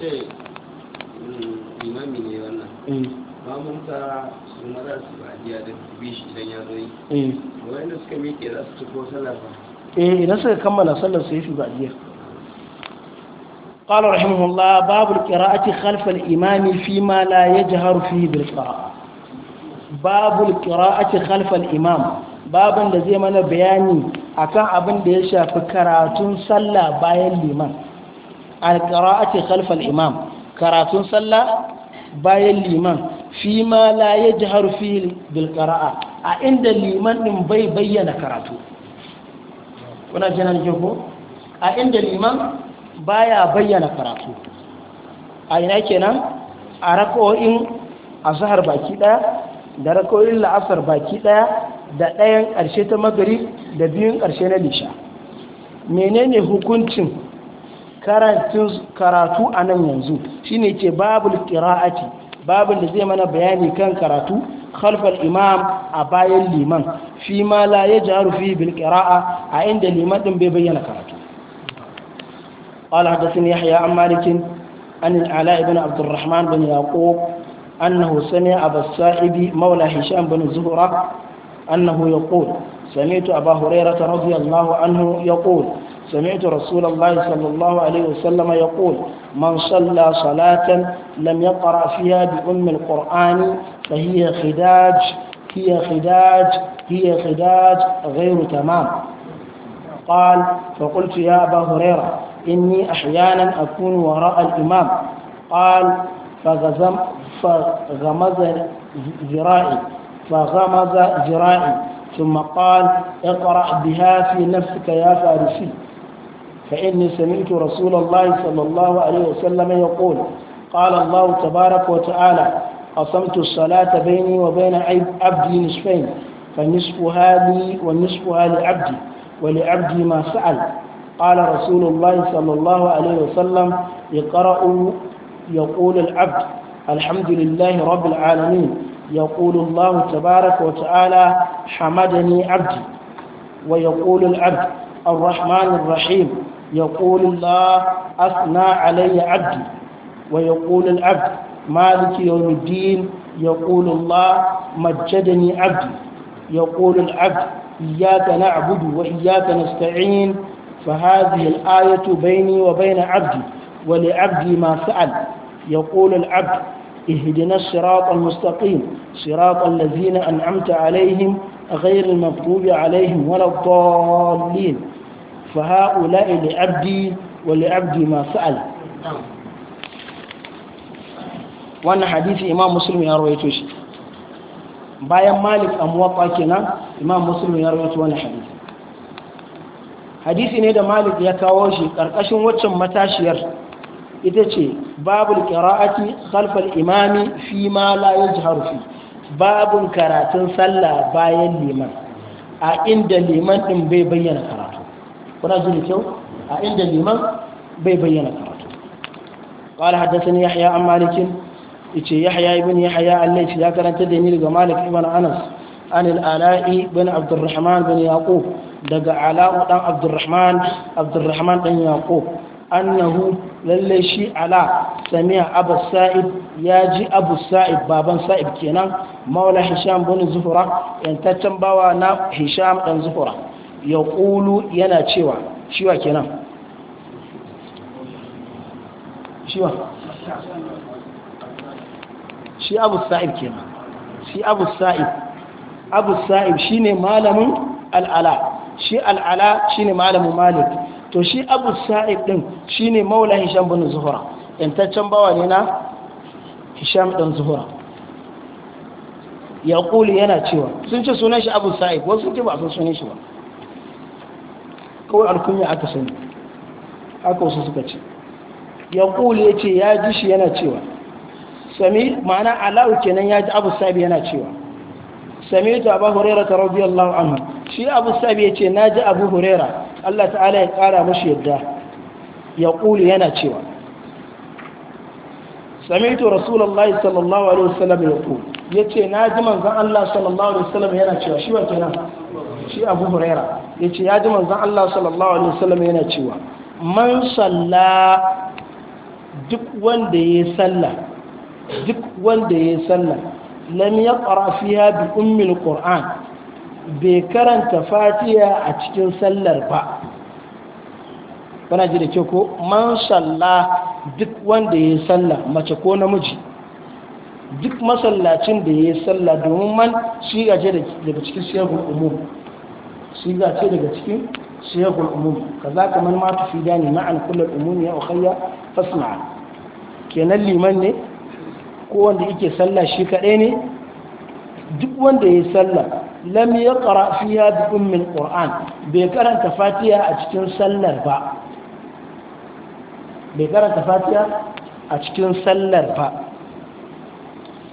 ce mm, imami ne wannan mm. su yi suka miƙe za su ciko sallah ba eh idan suka kammala sallar su yi su badiya قال رحمه الله باب القراءة خلف الإمام فيما لا يجهر فيه بالقراءة باب القراءة خلف الإمام باب da zai mana bayani akan abin da ya shafi karatun sallah bayan liman alqira'ati ake al-imam karatun sallah bayan liman fi ma la yajharu fihi bil qira'a a inda liman din bai bayyana karatu kuna jinan ko a inda liman baya bayyana karatu a ina kenan a rako'in azhar baki ɗaya da rako'in la'asar baki ɗaya da ɗayan ƙarshe ta magari da biyun ƙarshe na lisha menene hukuncin karatu a nan yanzu shi ne ce babul kira'ati babul da zai mana bayani kan karatu khalfar imam a bayan liman fi ma la ya ji harufi a inda liman ɗin bai bayyana karatu ƙwalatattun ya haya an malikin anil ala ibn abdurrahman bin yaƙo annahu sani abu sa'ibi maula hisham bin zuhura annahu ya ƙo sani tu abu hurairata radiyallahu annahu ya ƙo سمعت رسول الله صلى الله عليه وسلم يقول من صلى صلاة لم يقرأ فيها بأم القرآن فهي خداج هي خداج هي خداج غير تمام قال فقلت يا أبا هريرة إني أحيانا أكون وراء الإمام قال فغزم فغمز ذرائي فغمز ذرائي ثم قال اقرأ بها في نفسك يا فارسي فإني سمعت رسول الله صلى الله عليه وسلم يقول قال الله تبارك وتعالى قسمت الصلاة بيني وبين عبدي نصفين فنصفها لي ونصفها لعبدي ولعبدي ما سأل قال رسول الله صلى الله عليه وسلم يقرأ يقول العبد الحمد لله رب العالمين يقول الله تبارك وتعالى حمدني عبدي ويقول العبد الرحمن الرحيم يقول الله أثنى علي عبدي ويقول العبد مالك يوم الدين يقول الله مجدني عبدي يقول العبد إياك نعبد وإياك نستعين فهذه الآية بيني وبين عبدي ولعبدي ما سأل يقول العبد اهدنا الصراط المستقيم صراط الذين أنعمت عليهم غير المغضوب عليهم ولا الضالين fa ha'ula'i li abdi wa li abdi wannan hadisi imam muslim ya rawaito shi bayan malik a muwatta kenan imam muslim ya rawaito wannan hadisi hadisi ne da malik ya kawo shi karkashin waccan matashiyar ita ce babul qira'ati khalfal imami fi ma la yajharu fi babun karatun sallah bayan liman a inda liman din bai bayyana karatu kuna ji da kyau a inda liman bai bayyana karatu qala haddathani yahya an malikin ice yahya ibn yahya allahi ya karanta da ni daga malik ibn anas an alai bin abdurrahman bin daga ala'u dan abdurrahman abdurrahman dan yaqub annahu lalle shi ala sami'a abu sa'id ya ji abu sa'id baban sa'id kenan maula hisham bin zuhra yantaccen bawa na hisham dan zuhura. ya ƙulu yana cewa shiwa kenan shiwa shi abu sa'ib kenan shi abu sa'ib abu sa'ib shi ne malamin al'ala shi al'ala shi ne malamin malik to shi abu sa'ib ɗin shi ne maula hisham bin zuhura yantaccen bawa ne na hisham ɗin zuhura ya ƙuli yana cewa sun ce sunan shi abu sa'ib wasu ce ba sun sunan shi ba kawai alkunya aka sani haka wasu suka ce ya kuli ya ce ya ji shi yana cewa sami ma'ana ala'u kenan ya ji abu sabi yana cewa sami ta abu hurera ta rabi allahu anhu shi abu sabi ya ce na ji abu hurera allah ta'ala ya kara mashi yadda ya kuli yana cewa Samitu ta rasulallah sallallahu alaihi wasallam ya kuli ya ce na ji manzan allah sallallahu alaihi wasallam yana cewa shi wa kenan shi abu huraira ya ce ya ji manzan Allah sallallahu alaihi wasallam yana cewa man salla duk wanda ya salla duk wanda ya salla lam ya ƙarafiya bi ummin ƙoran bai karanta fatiya a cikin sallar ba bana ji da ke ko man salla duk wanda ya salla mace ko namiji duk masallacin da ya salla domin man shi gaje daga cikin siyar umum siga ce daga cikin shekul ka kaza kamar ma tu fida ne ma'an kullal umum ya ukhayya fasma kenan liman ne ko wanda yake sallah shi kadai ne duk wanda yayi sallah lam yaqra ya bi ummil qur'an bai karanta fatiya a cikin sallar ba bai karanta fatiha a cikin sallar ba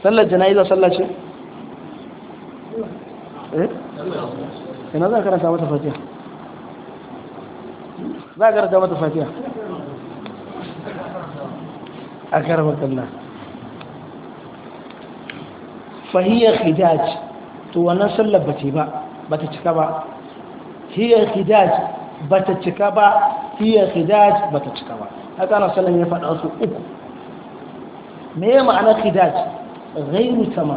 sallar jana'iza sallar ce eh ina za ka karanta mata fatiha za ka karanta mata fatiha a karama kalla fahiyar hidaj to wannan sallar ba ce ba ba ta cika ba hiyar hidaj ba ta cika ba hiyar hidaj ba ta cika ba haka ana sallar ya faɗa su uku me ya ma'ana hidaj gairu mutama?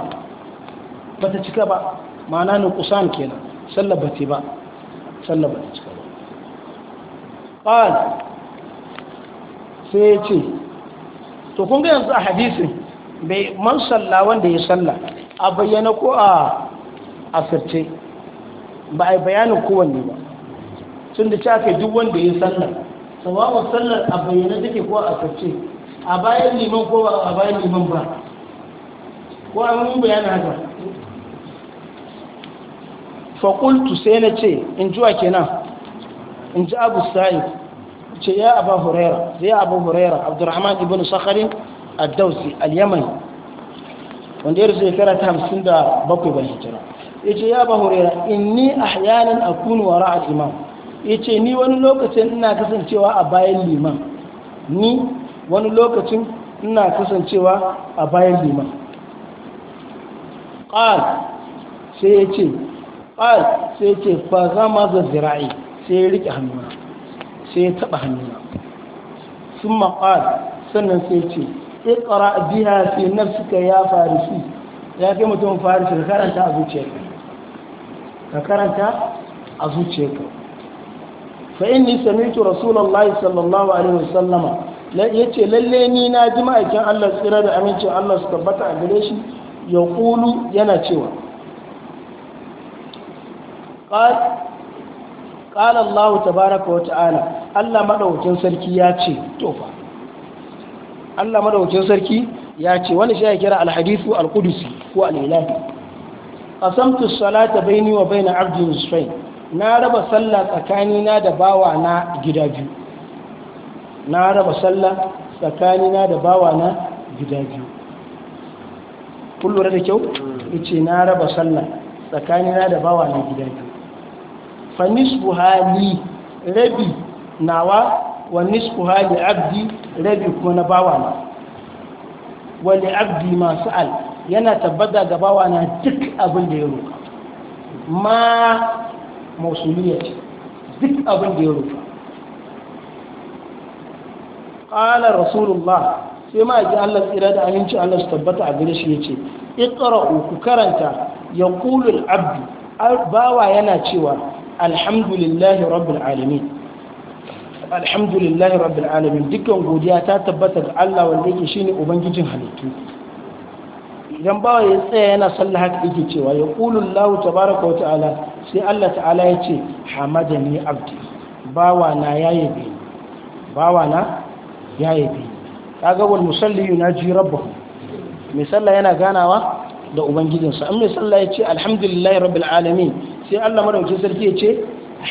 ba ta cika ba ma'ana nukusan kenan sallar ba ce ba sallar ba ta cika ba ƙan sai ce to kun ga yanzu a hadisin bai man salla wanda ya salla a bayyana ko a asirce ba a yi bayanin kowanne ba sun da ci duk wanda ya salla sawawar sallar a bayyana take ko a asirce a bayan liman ko a bayan liman ba ko an mun bayanin haka faƙultu sai na ce in juwa kenan in ji abu sa'id ce ya abu huraira zai abu huraira abdurrahman ibn sakharin al-dausi al-yamani wanda ya rasu shekara ta hamsin da bakwai ban hijira ya ce ya abu huraira inni ahyanan akunu wara al-imam ya ce ni wani lokacin ina kasancewa a bayan liman ni wani lokacin ina kasancewa a bayan liman ƙar sai ya ce qal sai ce fa gama za zira'i sai ya riƙe hannuna sai ya taɓa hannuna summa qal sannan sai ce iqra biha fi nafsika ya farisi ya kai mutum farisi ka karanta a zuciya ka ka karanta a zuciya ka. fa in ni sami'tu rasulallah sallallahu alaihi wasallama yace lalle ni na ji ma'aikin Allah tsira da amincin Allah su tabbata a gare shi ya kulu yana cewa قال قال الله تبارك وتعالى الله مدوكين سركي ياتي توفا الله مدوكين سركي ياتي وانا شيء كرا الحديث القدسي هو الإلهي قسمت الصلاة بيني وبين عبد نصفين na raba sallah tsakanina da bawa na gida biyu na raba sallah tsakanina da bawa na gida biyu kun da kyau ce na raba sallah tsakanina da bawa na gida biyu fa nisfu hali rabi nawa wa nisfu hali abdi rabi kuma na bawa na wani abdi masu al yana tabbata ga bawa na duk abin da ya roƙa ma mausuliya ce duk abin da ya roƙa ƙalar rasulullah sai ma ji allah tsira da aminci allah su tabbata a gare shi ya ce iƙara uku karanta ya kulul abdi bawa yana cewa alhamdulillahi rabbil alamin alhamdulillahi rabbil alamin dukkan godiya ta tabbata ga Allah wanda yake shine ubangijin halittu idan bawa ya tsaya yana sallah haka yake cewa ya qulu Allahu tabaaraka wa ta'ala sai Allah ta'ala ya ce hamadani abdi bawa na yayi bi bawa na yayi bi kaga wal musalli yunaji rabbahu mai sallah yana ganawa da ubangijinsa an mai sallah ya ce alhamdulillahi rabbil alamin sai Allah madaukakin sarki ya ce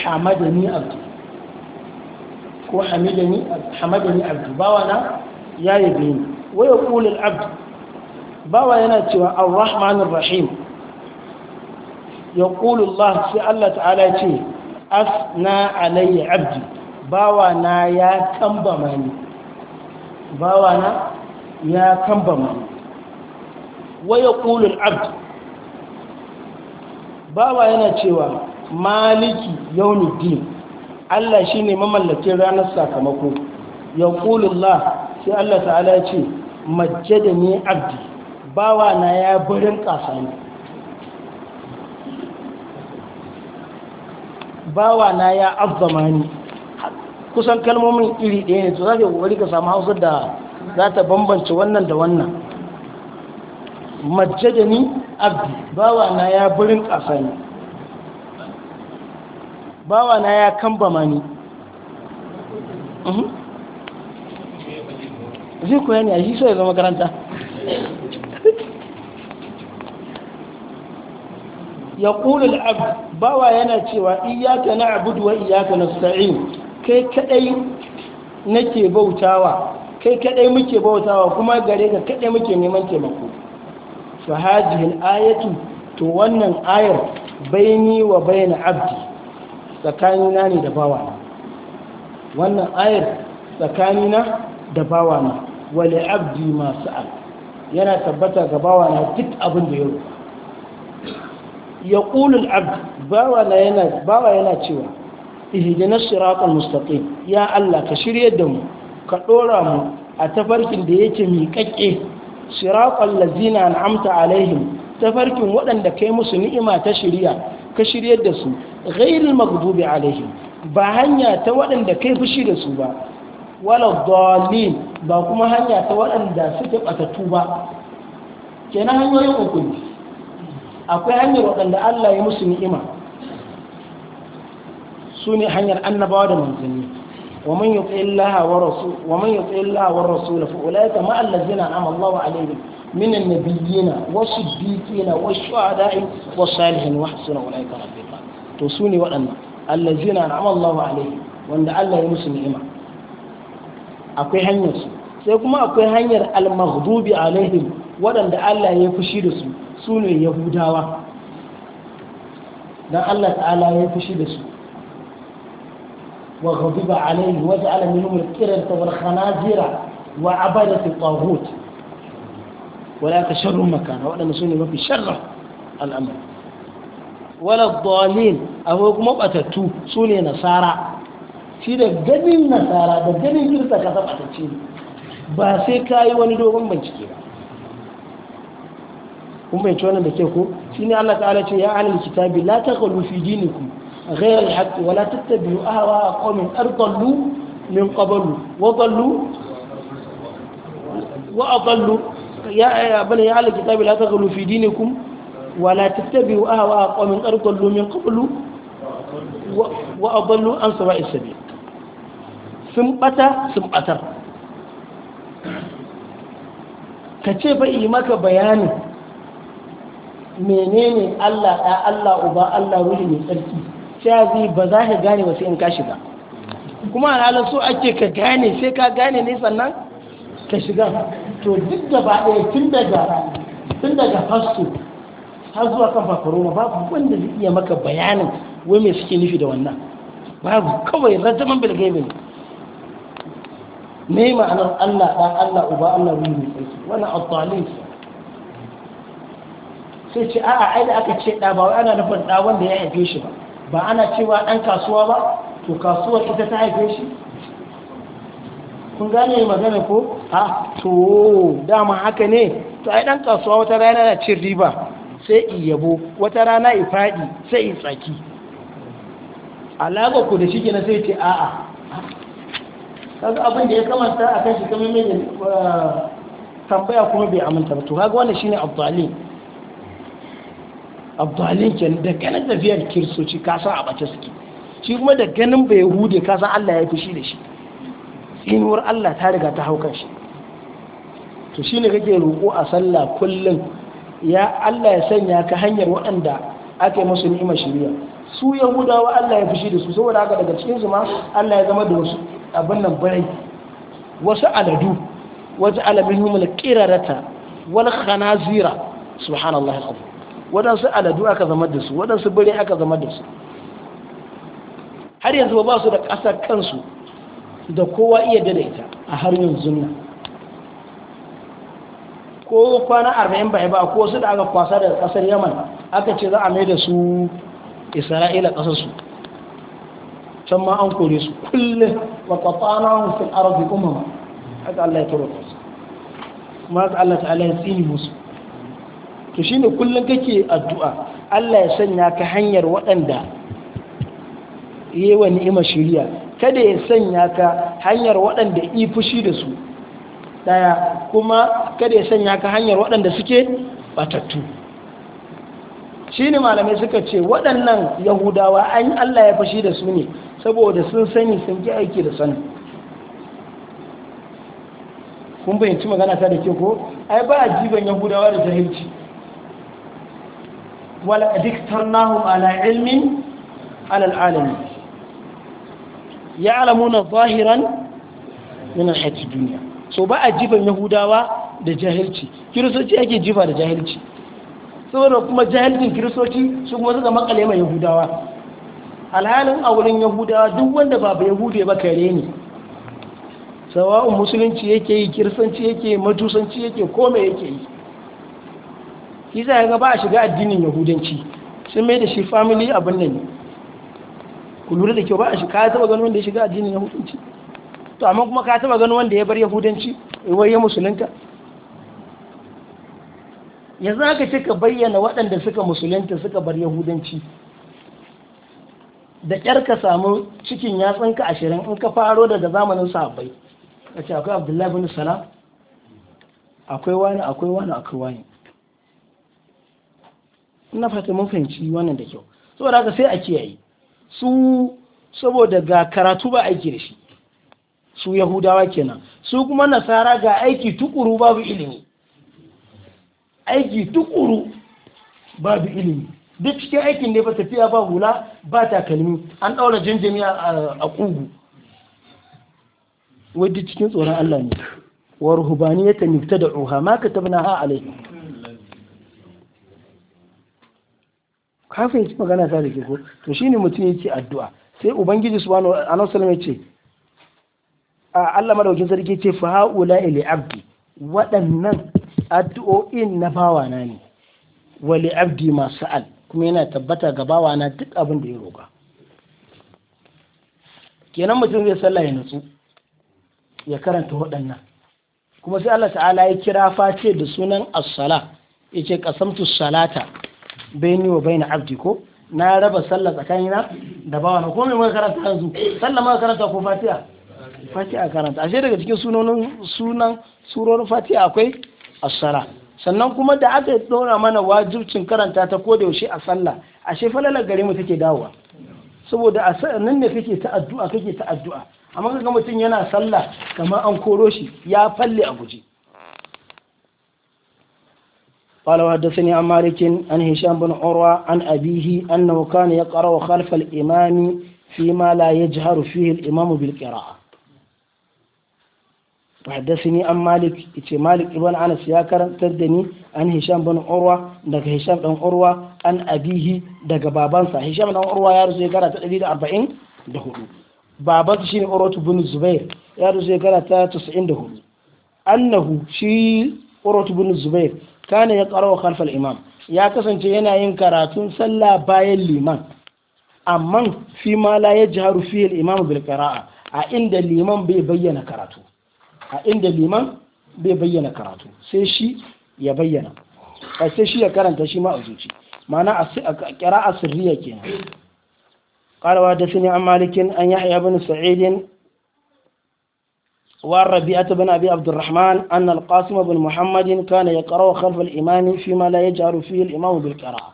hamadani abdu ko hamidani hamadani abdu bawa na ya yabe ni wa yaqulu al-abd bawa yana cewa ar-rahmanir rahim yaqulu Allah sai Allah ta'ala ya ce asna alayya abdi bawa na ya kambama ni bawa na ya kambama ni wa yaqulu al-abd bawa yana cewa maliki din Allah shi ne mamallakin ranar sakamako yaqulullah sai Allah ta'ala ya ce ni abdi bawa na ya barin ne bawa na ya abzama ni kusan kalmomin iri ɗaya ne to yi ƙoƙari ka samu Hausa da za ta bambance wannan da wannan da ni. abdi bawa na ya burin kasani bawa na ya kambama mani mhm. zai koya ne a shi so ya zama karanta ya ƙulil abu bawa yana cewa iyaka na abudu wa iyaka na sa'in kai kadai nake bautawa kai kadai muke bautawa kuma gare ka kadai muke neman taimako فهذه الآية ayatu to wannan ayar سكاننا wa baina abdi tsakanina ne da bawana wannan ayar tsakanina da bawana abdi yana tabbata ga bawana duk abin da ya roƙa ya abdi bawana yana bawa yana cewa ihdina siratal mustaqim ya Allah ka shiryar da mu ka dora mu a tafarkin da yake kake. siratal lazina an'amta alaihim farkin waɗanda kai musu ni'ima ta shirya ka shiryar da su ghairil maghdubi alaihim ba hanya ta waɗanda kai fushi da su ba wala dhalin ba kuma hanya ta waɗanda suke batatu ba kenan hanyoyin uku ne akwai hanyar waɗanda Allah ya musu ni'ima su ne hanyar annabawa da manzanni ومن يطع الله ورسوله ومن مع الذين انعم الله عليهم من النبيين والصديقين والشهداء والصالحين وحسن اولئك رفيقا to su ne waɗannan allazina na'ama Allahu alaihi wanda Allah ya musu akwai hanyar su sai kuma akwai hanyar al-maghdubi alaihim waɗanda Allah ya fushi da su su ne yahudawa dan Allah ta'ala ya fushi da su وغضب عليه وجعل منهم الكرة والخنازير وعبادة الطاغوت ولا تشر مكان ولا مسؤول ما في شر الأمر ولا الضالين أو مبأتتو سوني نصارى shi da ganin nasara da ganin girka ka saba ta ba sai ka yi wani dogon bincike ba kun bai wannan da ke ko shi ne Allah ta'ala ce ya ahlul kitabi la taqulu fi غير الحق ولا تتبعوا أهواء قوم أرضلوا من قبل وضلوا وأضلوا يا بني يا أهل الكتاب لا تغلوا في دينكم ولا تتبعوا أهواء قوم أرضلوا من قبل وأضلوا عن سواء السبيل سمبتا سمبتا sun ɓatar ka ce fa yi maka bayanin menene Allah ɗa Allah uba Allah mai tsarki sai ba za ka gane ba sai in ka shiga kuma ala so ake ka gane sai ka gane ne sannan ka shiga to duk da ba ɗaya tun daga tun daga fasto har zuwa kan ba babu wanda zai iya maka bayanin wai mai suke nufi da wannan babu kawai rajaman bilgaibin ne ma'anar allah ɗan allah uba allah wuri mai tsarki wannan al-talib sai ce a'a ai da aka ce ɗa ba wai ana nufin ɗa wanda ya haife shi ba ba ana cewa ɗan kasuwa ba to kasuwar ita ta haife shi kun gane magana ko a to dama haka ne to ai ɗan kasuwa wata rana na cin riba sai i yabo wata rana i faɗi sai i tsaki alaƙa ku da shi gina sai ce a'a kaga abin da ya kamata a kan shi kamar mai eh, tambaya kuma bai aminta ba to kaga wannan shine abdalin abdalin ke da ganin tafiyar kiristoci ka san a bace suke shi kuma da ganin bai hude ka Allah ya fushi da shi tsinuwar Allah ta riga ta haukan shi to shi ne kake roƙo a sallah kullum ya Allah ya sanya ka hanyar waɗanda ake musu ni'imar shari'a su yahudawa Allah ya fushi da su saboda haka daga cikin zuma Allah ya zama da wasu abin nan barai wasu aladu wasu alamin humul qirarata wal khanazira subhanallahi alazim waɗansu aladu aka zama da su waɗansu bire aka zama da su har yanzu ba su da ƙasar kansu da kowa iya daidaita a har yin nan ko kwana arba'in ba ba ko su da aka kwasa daga ƙasar yaman aka ce za a mai da su isra'ila ƙasarsu can ma an kore su kulle wa kwatsana fil arabi umama haka Allah ya turo kuma haka Allah ta'ala ya tsini musu to ne kullum kake addu'a Allah ya sanya ka hanyar waɗanda yi ni'ima shirya kada ya sanya ka hanyar waɗanda yi fushi da su ɗaya kuma kada ya sanya ka hanyar waɗanda suke batattu ne malamai suka ce waɗannan yahudawa an Allah ya fashi da su ne saboda sun sani sun ki aiki da sani kun bayanci magana ta da ke ko ai ba a jiban yahudawa da jahilci wala adiktarnahum ala ilmin alal alamin ya'lamuna zahiran min al-hayati so ba a jifan yahudawa da jahilci kiristoci ake jifa da jahilci saboda kuma jahilcin kiristoci su kuma suka makale mai yahudawa alhalin a wurin yahudawa duk wanda ba ba yahude ba kare ne sawa'un musulunci yake yi kiristanci yake matusanci yake kome yake yi shi za ga ba a shiga addinin yahudanci sun mai da shi family abin nan ne ku lura da kyau ba a shiga ka taba gano wanda ya shiga addinin yahudanci to amma kuma ka taba gano wanda ya bar yahudanci wai ya musulunta ka haka cika bayyana waɗanda suka musulunta suka bar yahudanci da ƙyar ka samu cikin tsanka ashirin in ka faro daga zamanin sahabbai ka ce akwai abdullahi bin salam akwai wani akwai wani akwai wani ina fata mun fahimci wannan da kyau saboda haka sai a kiyaye su saboda ga karatu ba aiki da shi su yahudawa kenan su kuma nasara ga aiki tukuru babu ilimi aiki tukuru babu ilimi duk cikin aikin ne ba tafiya ba hula ba takalmi an ɗaura jinjimi a ƙugu wadda cikin tsoron Allah ne wa ruhubaniyata nifta da ruha ma ka tabna ha alaihi kafin ki magana ta da ke ko to shine mutum yake addu'a sai ubangiji subhanahu wa ta'ala ce a Allah madaukin sarki ce fa haula ila abdi waɗannan addu'o'in na bawana ne wa li abdi ma sa'al kuma yana tabbata ga bawana duk abin da ya roƙa kenan mutum zai sallah ya nutsu ya karanta waɗannan kuma sai Allah ta'ala ya kira face da sunan as-sala yace qasamtu salata Baini wa bayna abdi ko na raba sallah tsakanina da bawa na komai muka karanta yanzu sallah muka karanta ko fatiha fatiha karanta ashe daga cikin sunonin sunan surorin fatiha akwai as sannan kuma da aka dora mana wajibcin karanta ta ko da yaushe a sallah ashe falalar gare mu take dawowa saboda a nan ne kake ta addu'a kake ta addu'a amma kaga mutum yana sallah kamar an koro shi ya falle a guje قال وحدثني عن مالك عن هشام بن عروة عن أبيه أنه كان يقرأ خلف الإمام فيما لا يجهر فيه الإمام بالقراءة وحدثني عن مالك إتي مالك ابن أنس يا كرم تردني عن هشام بن عروة دك هشام بن عروة عن أبيه دك بابانسا هشام بن عروة يا رسول كرة تقريد أربعين دهولو babansa shine Urwatu bin Zubair ya rusu shekara ta 94 annahu shi Urwatu bin Zubair kana ya karo khalfal imam ya kasance yana yin karatun sallah bayan liman amma fi ma la yajharu fi al imam bil qira'a a inda liman bai bayyana karatu a inda liman bai bayyana karatu sai shi ya bayyana sai shi ya karanta shi ma a zuci ma'ana a qira'a sirriya kenan قال وحدثني an مالك an yahya ibn سعيد والربيعة بن أبي عبد الرحمن أن القاسم بن محمد كان يقرأ خلف الإمام فيما لا يجهر فيه الإمام بالقراءة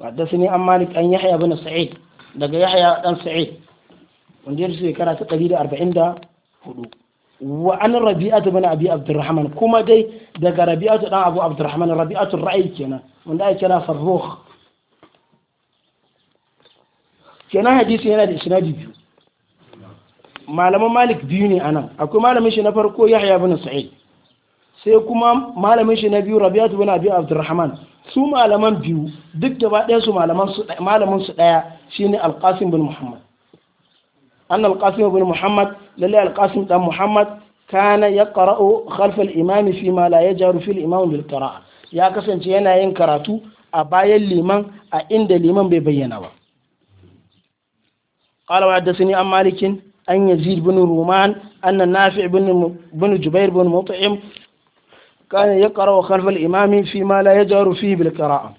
وحدثني عن مالك أن يحيى بن سعيد لقى يحيى بن سعيد وندير في كرا قليلة 40 دا وعن وأن الربيعة بن أبي عبد الرحمن كما دي لقى ربيعة بن أبو عبد الرحمن ربيعة الرأي كنا وندعي كنا فروخ كنا حديث هنا الإسناد بيو malaman malik biyu ne anan akwai malamin shi na farko yahya bin sa'id sai kuma malamin shi na biyu rabiatu bin abi abdurrahman su malaman biyu duk gaba ɗaya su malaman su malamin su ɗaya shine alqasim bin muhammad an alqasim bin muhammad lalle alqasim dan muhammad kana yaqra'u khalf al-imam fi ma la yajaru fi al-imam bil qira'a ya kasance yana yin karatu a bayan liman a inda liman bai bayyana ba قال وحدثني عن مالك an yazid bin ruman anna nafi bin jubair bin mut'im كان يقرأ خلف الإمام فيما لا يجهر فيه بالقراءة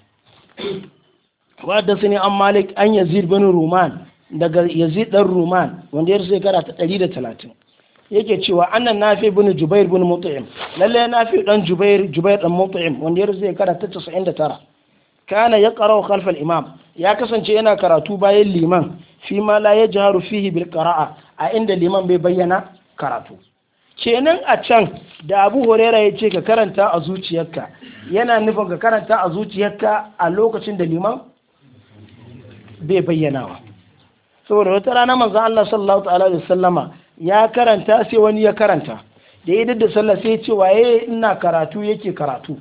وحدثني عن مالك أن يزيد بن رومان daga yazid dan ruman wanda ya shekara ta 130 yake cewa annan nafi bin jubair bin mut'im lalle nafi dan jubair jubair dan mut'im wanda ya shekara ta 99 kana ya qara'u khalf al imam ya kasance yana karatu bayan liman fi ma la yajharu fihi bil qira'a a inda liman bai bayyana karatu kenan a can da abu horera ya ce ka karanta a zuciyarka yana nufin ka karanta a zuciyarka a lokacin da liman bai bayyanawa saboda wata rana manzan Allah sallallahu ta'ala da sallama ya karanta sai wani ya karanta da ya da sallah sai ce waye ina karatu yake karatu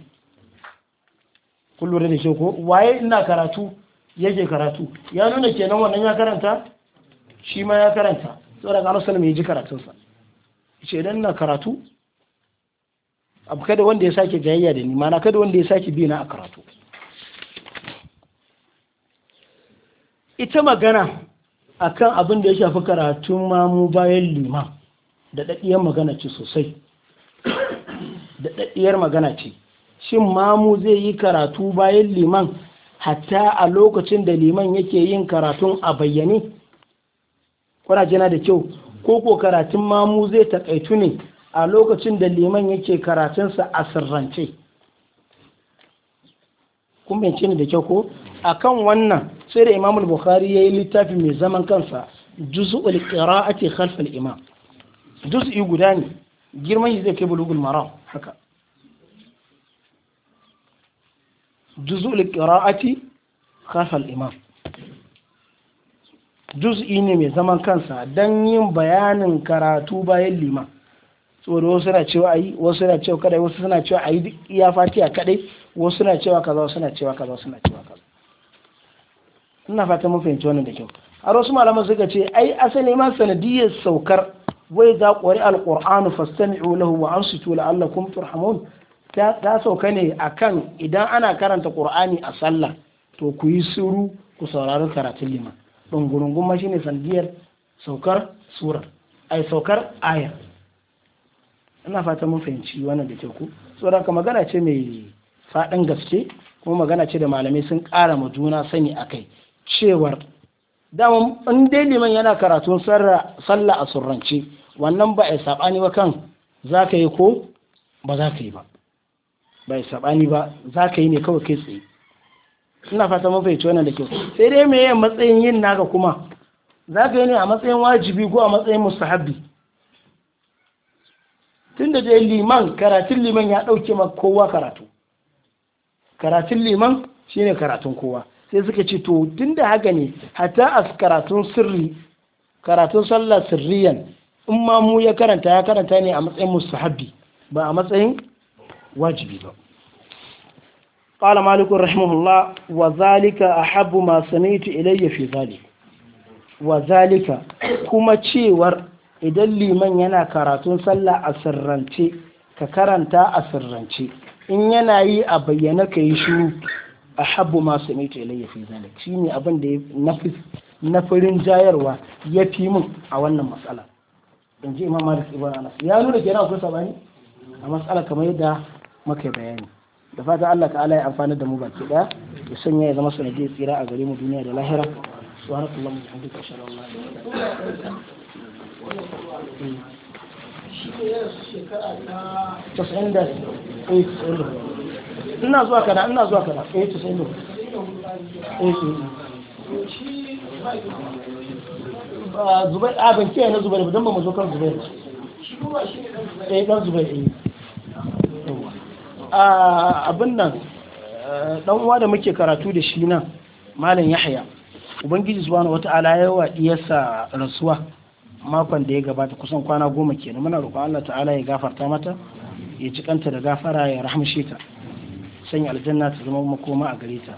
kullum da shi ko waye ina karatu yake karatu ya nuna kenan wannan ya karanta shi ma ya karanta saboda ga Annabi ya ji karatun sa yace idan na karatu abu kada wanda ya sake jayayya da ni mana kada wanda ya sake bi na a karatu ita magana akan abin da ya shafi karatun mamu bayan liman da daddiyar magana ce sosai da daddiyar magana ce shin mamu zai yi karatu bayan liman hatta a lokacin da liman yake yin karatun a bayyane kuna jina da kyau ko ko karatun mamu zai takaitu ne a lokacin da liman yake karatunsa a sirrance kun bince ne da kyau ko A kan wannan sai da imamul bukhari ya yi littafi mai zaman kansa juzu ulkira ake al-imam yi guda ne girman shi zai kai bulugul mara haka juzu ulkira ake al-imam juz'i ne mai zaman kansa don yin bayanin karatu bayan liman saboda wasu suna cewa ayi wasu suna cewa kadai wasu suna cewa ayi iya fatiya kadai wasu suna cewa kaza wasu suna cewa kaza wasu suna cewa kaza ina fata mun fahimci wannan da kyau har wasu malaman suka ce ai asali ma sanadiyar saukar wai za qari Alƙur'anu fastami'u lahu wa ansitu la'allakum turhamun ta sauka ne akan idan ana karanta ƙur'ani a sallah to ku yi suru ku saurari karatun liman ɗungurungun ma shine sanadiyar saukar surar ai saukar ayar ina fata mun fahimci wannan da teku tsoron ka magana ce mai faɗin gaske kuma magana ce da malamai sun ƙara ma juna sani a kai cewar dama in dai liman yana karatun sallah a surrance wannan ba a saɓani ba kan za ka yi ko ba za ka yi ba ba a saɓani ba za ka yi ne kawai kai tsaye ina fata mun fahimci wannan da kyau sai dai me yayin matsayin yin naka kuma za ka yi ne a matsayin wajibi ko a matsayin mustahabbi tun da dai liman karatun liman ya ɗauke ma kowa karatu karatun liman shine karatun kowa sai suka ce to tun da haka ne hatta a karatun sirri karatun sallah sirriyan in ma mu ya karanta ya karanta ne a matsayin mustahabbi ba a matsayin wajibi ba قال مالك رحمه الله وذلك أحب ما سمعت إلي في ذلك وذلك كما تشيور idan liman yana karatun sallah a sirrance ka karanta a sirrance in yana yi a bayyana ka yi shiru a habbu ma su mita ilayya fi zalik shi ne abin da na firin jayarwa ya fi mun a wannan matsala in ji imam malik ibn ya nuna kenan akwai sabani a matsala kamar yadda muka bayani da fata Allah ta'ala ya amfana da mu baki daya ya sanya ya zama sanadiyar tsira a gare mu duniya da lahira subhanallahi wa bihamdihi ashhadu an ba zubai a ban zubai ba ba mu zo zubai eh zubai eh abin nan eh, ɗan uwa da muke karatu da shi nan malam yahya ubangiji subhanahu wata ala yawa diyarsa rasuwa makon da ya gabata kusan kwana goma ke muna roƙon Allah ta'ala ya gafarta mata ya ci kanta da gafara ya rahmashe ta sanya aljanna ta zama makoma a gare ta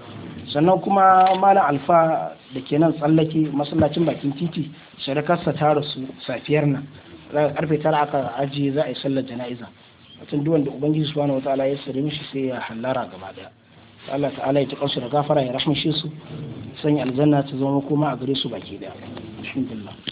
sannan kuma malam alfa da ke nan tsallake masallacin bakin titi sharikarsa ta rasu safiyar nan karfe tara aka ajiye za a yi sallar jana'iza mutum duk wanda ubangiji subhanahu wataala ya sare mishi sai ya hallara gaba daya Allah ta'ala ya tukansu da gafara ya rahmashe su sanya aljanna ta zama kuma a gare su baki daya alhamdulillah